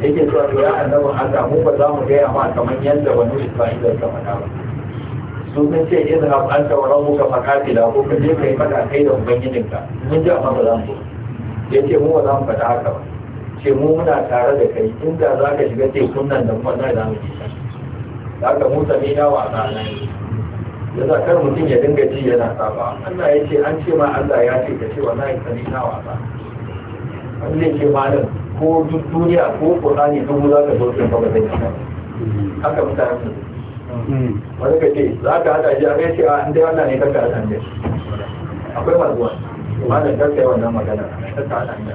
yake cewa ya annabin allah mu ba za mu gaya ma kamar yadda wani isra'ila ta faɗa ba sun sun ce idan abu an ta waran muka fakatila ko ka je ka yi fada kai da ubangijinka mun ji amma ba za mu ya ce mu ba za mu faɗa haka ba ce mu muna tare da kai inda za ka shiga tekun nan da kuma nan za mu ji za ka mu sami na wasa nan ya za kar mutum ya dinga ji yana saba Allah ya ce an ce ma Allah ya ce ka ce yi sami na wasa wani zai ce malam ko duk duniya ko kur'ani duk za ka zo kin ba zai haka mutane Hmm. wani ka ce za ka haɗa shi a kai ce an inda yana ne kanka haɗa ne akwai masu wani ma da kanka yi wannan magana kanka haɗa ne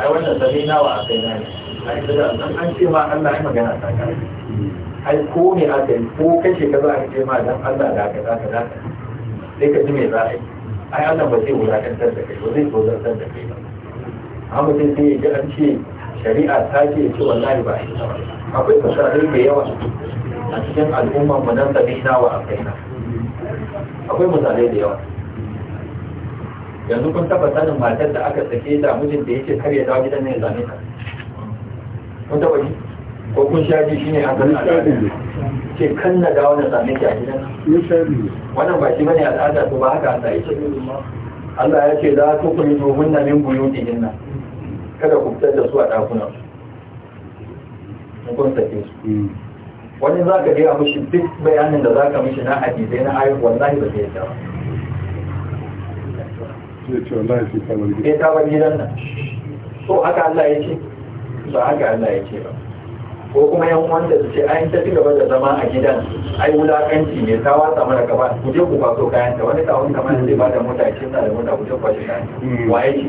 ai wannan sami nawa a kai na ne ai da an ce ma Allah ya magana ta kai ai ko me aka yi ko kashe ka za a ce ma dan Allah da aka zaka zaka sai ka ji me za a yi ai Allah ba zai wulakantar da kai ba zai tozartar da kai ba amma sai sai ya ji an ce shari'a ta ce ce wallahi ba a yi ba akwai misalai da yawa a cikin al'ummar mu nan sabina wa kaina, akwai misalai da yawa yanzu kun taba sanin matar da aka sake da mijin da yake kar ya dawo gidan ne zane ta kun taba yi ko kun sha ji shine hakan al'ada Ke kan na dawo na same ki a gidan wannan ba shi bane al'ada to ba haka Allah ce. Allah ya ce za ku yi kullu hunna min buyutihinna kada ku fitar da su a ɗakunan. su in kun sake su hmm. wani za ka gaya mushi duk bayanin da za ka mushi na hadisai na ayon wallahi ba zai ta ba sai ta ba gidan nan so haka Allah ya ce ba haka Allah ya ce ba ko kuma yan wanda su ce ayin ta ci gaba da zama a gidan ai wulakanci ne ta wasa mana gaba ku je ku kwaso kayan ta wani tawon kamar zai ba da mota ya ce na da mota ku je kwaso kayan ta hmm. ya ce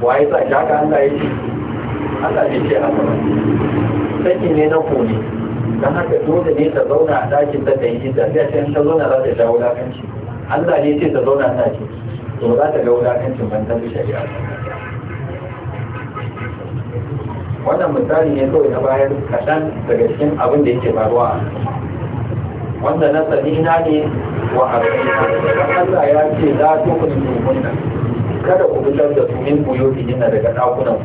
waye sa shaka Allah ya ce Allah bai ce a ba saki ne na kone don haka dole ne ta zauna a ɗakin ta ta yi hijja sai ta ta zauna za ta sha wulakanci Allah ne ce ta zauna a ɗakin to ba za ta ga wulakancin ban ta shari'a wannan misali ne kawai na bayan kaɗan daga cikin abin da yake faruwa wanda na tsanina ne wa arzina Allah ya ce za ta kuma tukunna kada ku fitar da su min buyoyi yana daga ɗakunan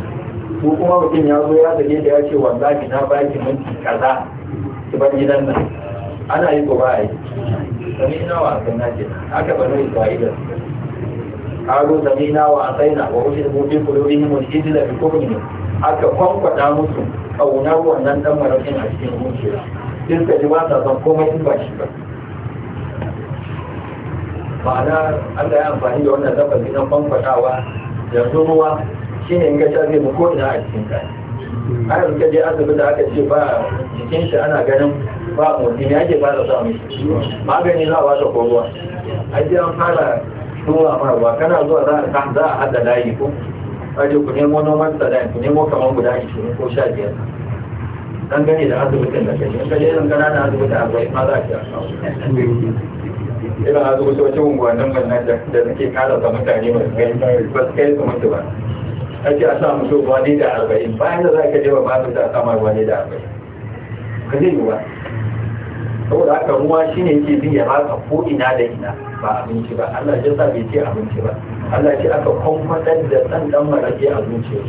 ko kuma mutum ya zo ya zage da ya ce wallahi na baki minti kaza ki bar gidan nan ana yi ko ba yi sami na wa asan na ce haka banu isra'ila kago sami ina wa asaina wa ushin mutum kulubihim wal da bi kubrihim aka kwankwada musu kaunar wannan dan marakin a cikin zuciya din ka ji ba ta san komai din ba shi ba ba ma'ana Allah ya amfani da wannan lafazi na kwankwadawa da ruwa shi ne in ka sha zai mu ko ina a cikin ka a yanzu ka je asibiti aka ce ba jikin shi ana ganin ba motsi ne ake fara sa mishi magani za a wata ko ruwa ji an fara tuwa marwa kana zuwa za a haɗa layi ko ji ku nemo noman sadan ku nemo kamar guda cikin ko sha biyar dan gani da asibitin da kake in ka je irin ƙananan asibiti a gwai ma za a ci a kawo irin asibitocin unguwannin wannan da suke kara sa mutane masu kai su mutu ba ake a samun so wani da arba'in bayan da za ka jewa ba su ta samar wani da arba'in ka zai yiwa saboda haka ruwa shi ne yake bin ya ratsa ko ina da ina ba abinci ba allah ya sa bai ce abinci ba allah ce aka kwamfatar da san dan marage abinci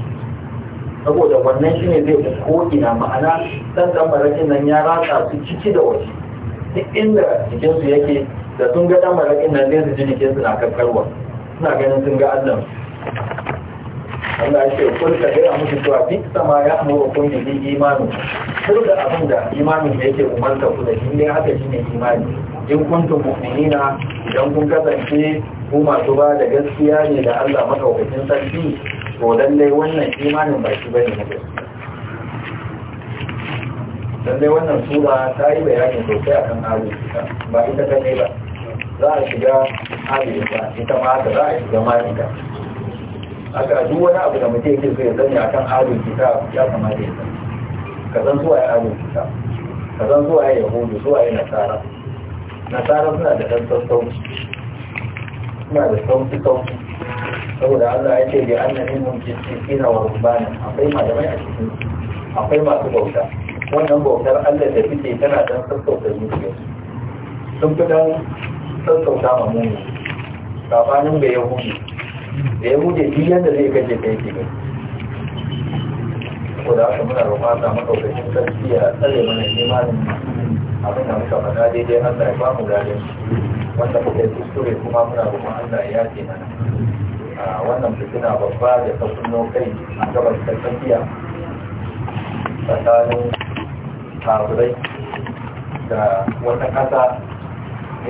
saboda wannan shi ne zai ko ina ma'ana san dan marage nan ya ratsa su ciki da waje duk inda jikinsu yake da sun ga dan marage nan zai su ji jikinsu na karkarwa suna ganin sun ga allah Allah ya ce kun ka gaya musu cewa duk sama ya amuru kun bi imanu sai da abin da imanin da yake umarta ku da shi ne haka shi ne imani in kuntum mu'minina idan kun kasance ku masu ba da gaskiya ne da Allah madaukakin sarki to lallai wannan imanin ba shi bane na gaskiya lallai wannan sura ta yi bayani sosai akan halin ba ita ta ne ba za a shiga halin ita ma haka za a shiga malika haka duk wani abu da mutum yake so ya a akan alul kita ya kamata ya yanzu. ka san zuwa ya alul kita ka san zuwa ya yahudu zuwa ya nasara nasara suna da ɗan sassauci suna da sauƙi sauƙi saboda Allah ya ce da annan cikin ina wa rubanin akwai malamai a cikin akwai masu bauta wannan bautar Allah da suke tana ɗan sassauta zuciya sun fi ɗan sassauta ma muni sabanin da yahudi da ya wuce shi yadda zai kashe kai ke ko da haka muna roƙa ta maɗaukacin sarki tsare mana imanin abin da muka faɗa daidai Allah ya ba mu dalil wanda muka yi kuskure kuma muna roƙa Allah ya yace mana wannan fitina babba da ta kunno kai a gabar da tsakiya tsakanin kafirai da wata ƙasa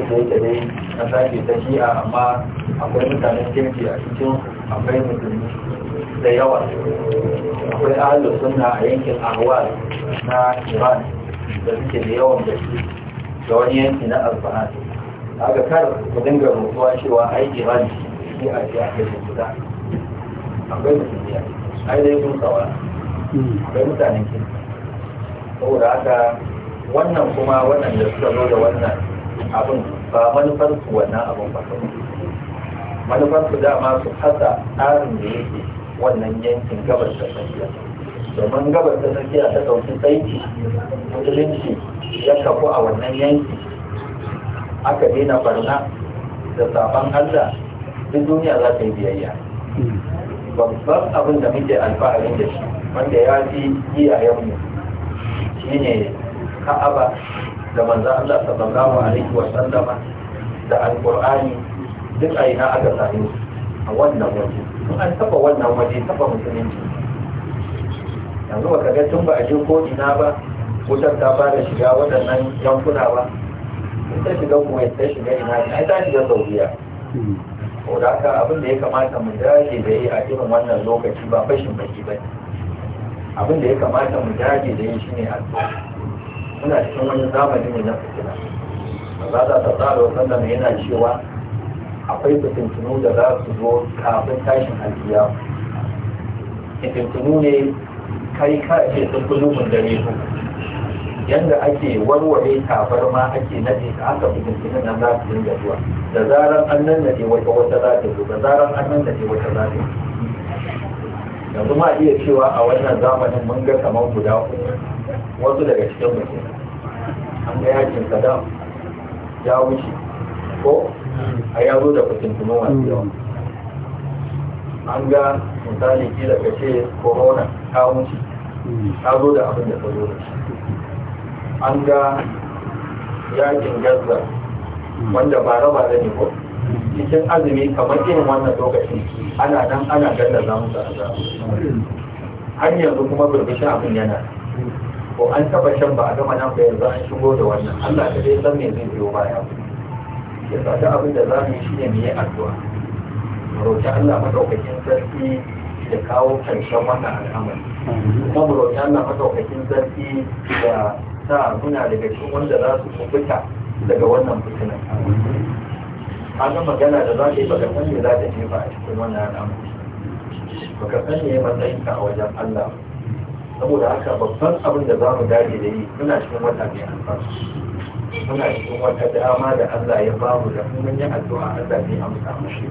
inda yake dai na sake ta shi'a amma akwai mutanen kirki a cikin akwai musulmi da yawa akwai ahalar suna a yankin ahwal na iran da suke da yawan gaske da wani yanki na alfahan aga kar ku dinga rutuwa cewa ai iran shi a ce a kai guda akwai musulmi ai dai kun tsawa akwai mutanen kirki saboda haka wannan kuma wannan da suka zo da wannan abin ba manufar su wannan abin ba manufar su dama su hasa tsarin da yake wannan yankin gabar ta tsakiya domin gabar ta tsakiya ta ɗauki tsaiki musulunci ya kafu a wannan yanki aka daina barna da sabon allah duk duniya za ta yi biyayya babban abin da muke alfahari da shi wanda ya fi iyayenmu shine ka'aba da manzo Allah sallallahu alaihi wa sallama da Alkur'ani. duk a aka same a wannan waje in an taba wannan waje taba musulunci yanzu ba kaga tun ba a je ko ina ba wutar ta fara shiga waɗannan yankuna ba ta shiga ya ta shiga ina ai ta shiga saudiya ko hmm. da haka abin da ya kamata mu dage da yi a irin wannan lokaci ba fashin baki ba abin da ya kamata mu dage da yi shine addu'a muna cikin wani zamani ne na fitina za ta tsara wa sallama yana cewa akwai fitintunu da za su zo kafin tashin alkiya fitintunu ne kai ka ce sun fi lumin dare su yadda ake warware ma ake nade ka aka fitintunu nan za su dinga zuwa da zarar an nan nade wata wata za ta zo da zarar an nan nade wata za ta zo yanzu ma iya cewa a wannan zamanin mun ga kamar guda uku wasu daga cikin mutum an ga yakin kadan ya wuce ko a ya zo da fitintunu masu yawa an ga misali kila ka ce corona ta wuce ta zo da abin da ta zo da shi an ga yakin gaza wanda ba raba da ne ko cikin azumi kamar irin wannan lokacin ana nan ana ganda za mu tsara har yanzu kuma burbushin abin yana ko an taba shan ba a gama nan ba yanzu an shigo da wannan allah da dai san me zai biyo baya da fata abin da za mu yi shi ne mu yi addu'a mu roƙi Allah madaukakin sarki da kawo karshen wannan al'amari kuma mu roƙi Allah madaukakin sarki da sa muna daga cikin wanda za su kubuta daga wannan fitinan an magana da za ka yi baka san me za ta jefa a cikin wannan al'amari baka san me matsayinka a wajen Allah saboda haka babban abin da za mu dage da yi muna cikin wata mai alfarsu muna cikin wata dama da Allah ya mu da mun yi addu'a Allah zai amsa mushi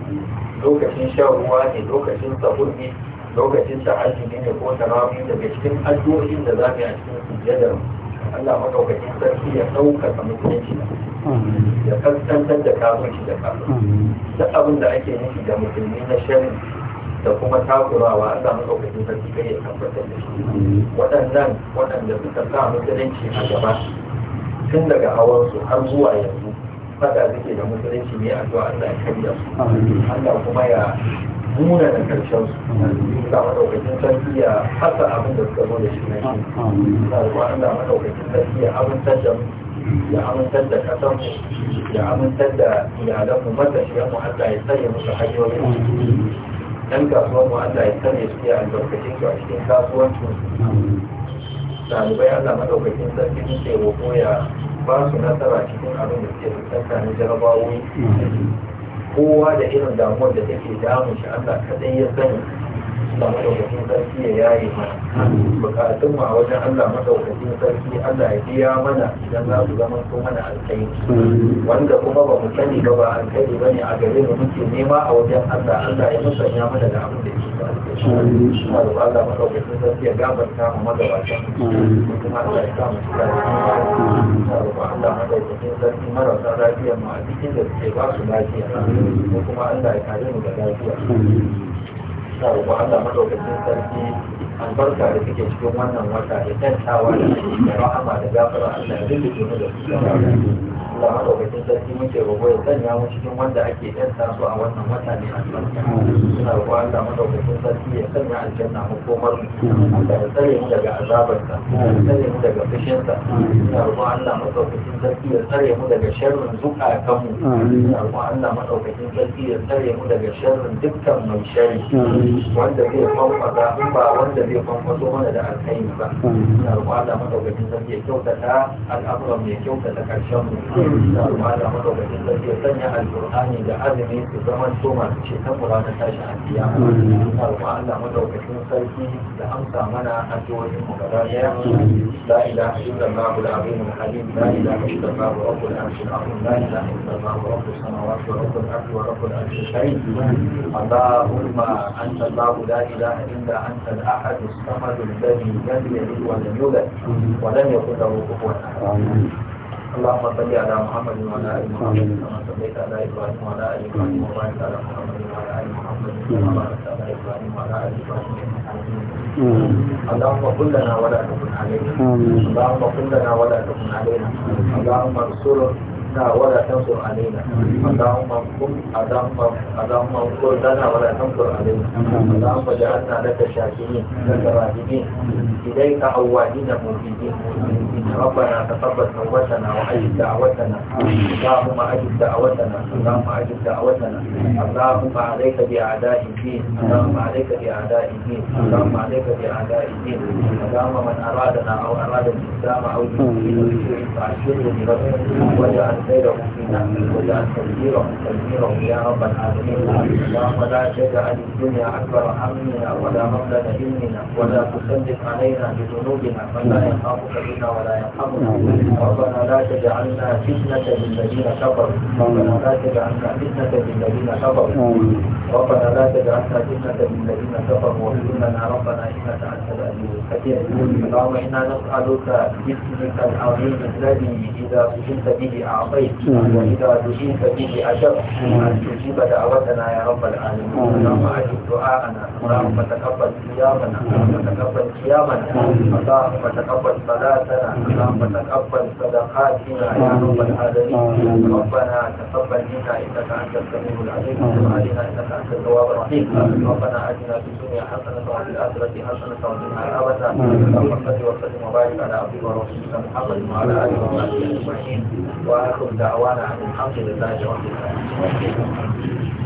lokacin shan ruwa ne lokacin sahur ne lokacin tahajjudi ne ko tarawih daga cikin addu'o'in da za mu yi a cikin sujjadar Allah madaukakin sarki ya ɗaukaka mutunci ya kaskantar da kafin da kafin duk abin da ake nufi da musulmi na shirin da kuma takurawa Allah madaukakin sarki kai ya tabbatar da shi waɗannan waɗanda suka sa musulunci a gaba tun daga hawansu har zuwa yanzu fada suke da musulunci ne a zuwa Allah ya karya su Allah kuma ya nuna da karshen su da madaukakin sarki ya hasa abin da suka zo da shi na shi da kuma Allah madaukakin sarki ya amintar da ya amintar da kasan ya amintar da iyalan mu matashiyan mu Allah ya sanya musu hanyoyin dan kasuwar mu Allah ya sanya su ya albarkace su a cikin kasuwancin su ɗalibai allah maɗaukakin sarki muke roƙo ya ba su nasara cikin abin da ke da na jarabawoyi mm-hmm. kowa da irin damuwar da take damun shi allah kaɗai ya sani Allah madaukakin sarki ya yaye mana bukatun mu a wajen Allah madaukakin sarki Allah ya biya mana idan za su zama su mana alkai wanda kuma ba mu sani ba ba alkai bane a gare mu muke nema a wajen Allah Allah ya musanya mana da abin da yake alkai Allah madaukakin sarki ya gafarta mu magabata kuma Allah ya sa mu tsaya Allah madaukakin sarki marasa lafiya mu a cikin da suke ba su lafiya kuma Allah ya kare mu da lafiya suna roƙon Allah madaukakin sarki albarka da take cikin wannan wata da tantawa da rahama da gafara Allah ya rubuta da su Allah madaukakin sarki muke roƙo ya sanya mu cikin wanda ake yanta su a wannan wata ne albarka suna roƙo Allah madaukakin sarki ya sanya aljanna mu komar da ya tsare mu daga azabarsa ya tsare mu daga fushinsa suna roƙo Allah madaukakin sarki ya tsare mu daga sharrin zukatan mu suna roƙo Allah madaukakin sarki ya tsare mu daga sharrin dukkan mai sharri wanda zai fanfasa ba wanda zai fanfaso mana da alkhairi ba suna roƙo Allah madaukakin sarki ya kyautata al'amuran ya kyautata ƙarshen mu Allah madaukakin sarki ya sanya alƙur'ani da azumi su zama to masu ceton mu ranar tashin alƙiya ina roƙon Allah madaukakin sarki da amsa mana addu'o'in mu gaba daya la ilaha illallah al-azim al-halim la ilaha illallah rabbul arsh al-azim la ilaha illallah rabbus samawati wa rabbul ardi wa rabbul arsh al-azim Allahumma anta Allah la ilaha illa anta al-ahad as-samad الذي لم يلد ولم يولد ولم يكن له كفوا احد اللهم صل على محمد وعلى ال محمد كما صليت على ابراهيم وعلى ال ابراهيم وبارك على محمد وعلى ال محمد كما باركت على ابراهيم وعلى ال ابراهيم انك حميد اللهم قل لنا ولا تكن علينا اللهم قل لنا ولا تكن علينا اللهم انصرنا منا ولا تنصر علينا اللهم انصر اللهم انصر لنا ولا تنصر علينا اللهم اجعلنا لك شاكرين لك راجعين اليك اوابين مفيدين ربنا تقبل توبتنا واجب دعوتنا اللهم اجب دعوتنا اللهم اجب دعوتنا اللهم عليك باعداء الدين اللهم عليك باعداء الدين اللهم عليك باعداء الدين اللهم من ارادنا او اراد الاسلام او المسلمين بشيء فاشره بربه واجعل ربنا لا تجعلنا فتنه للذين كفروا ربنا لا تجعلنا فتنه للذين كفروا ربنا لا تجعلنا فتنه للذين كفروا ربنا انك انت العزيز اللهم انا نسالك باسمك العظيم الذي اذا فتنت به اعظم ربنا تقبل منا إنك أنت السميع العليم وعلينا إنك أنت التواب الرحيم ربنا آتنا في الدنيا حسنة وفي الآخرة حسنة وقنا عذاب النار اللهم صل وسلم وبارك على عبدك ورسولك محمد وعلى آله وصحبه أجمعين وآخر da da da'awana alhamdulillah wa bihamdihi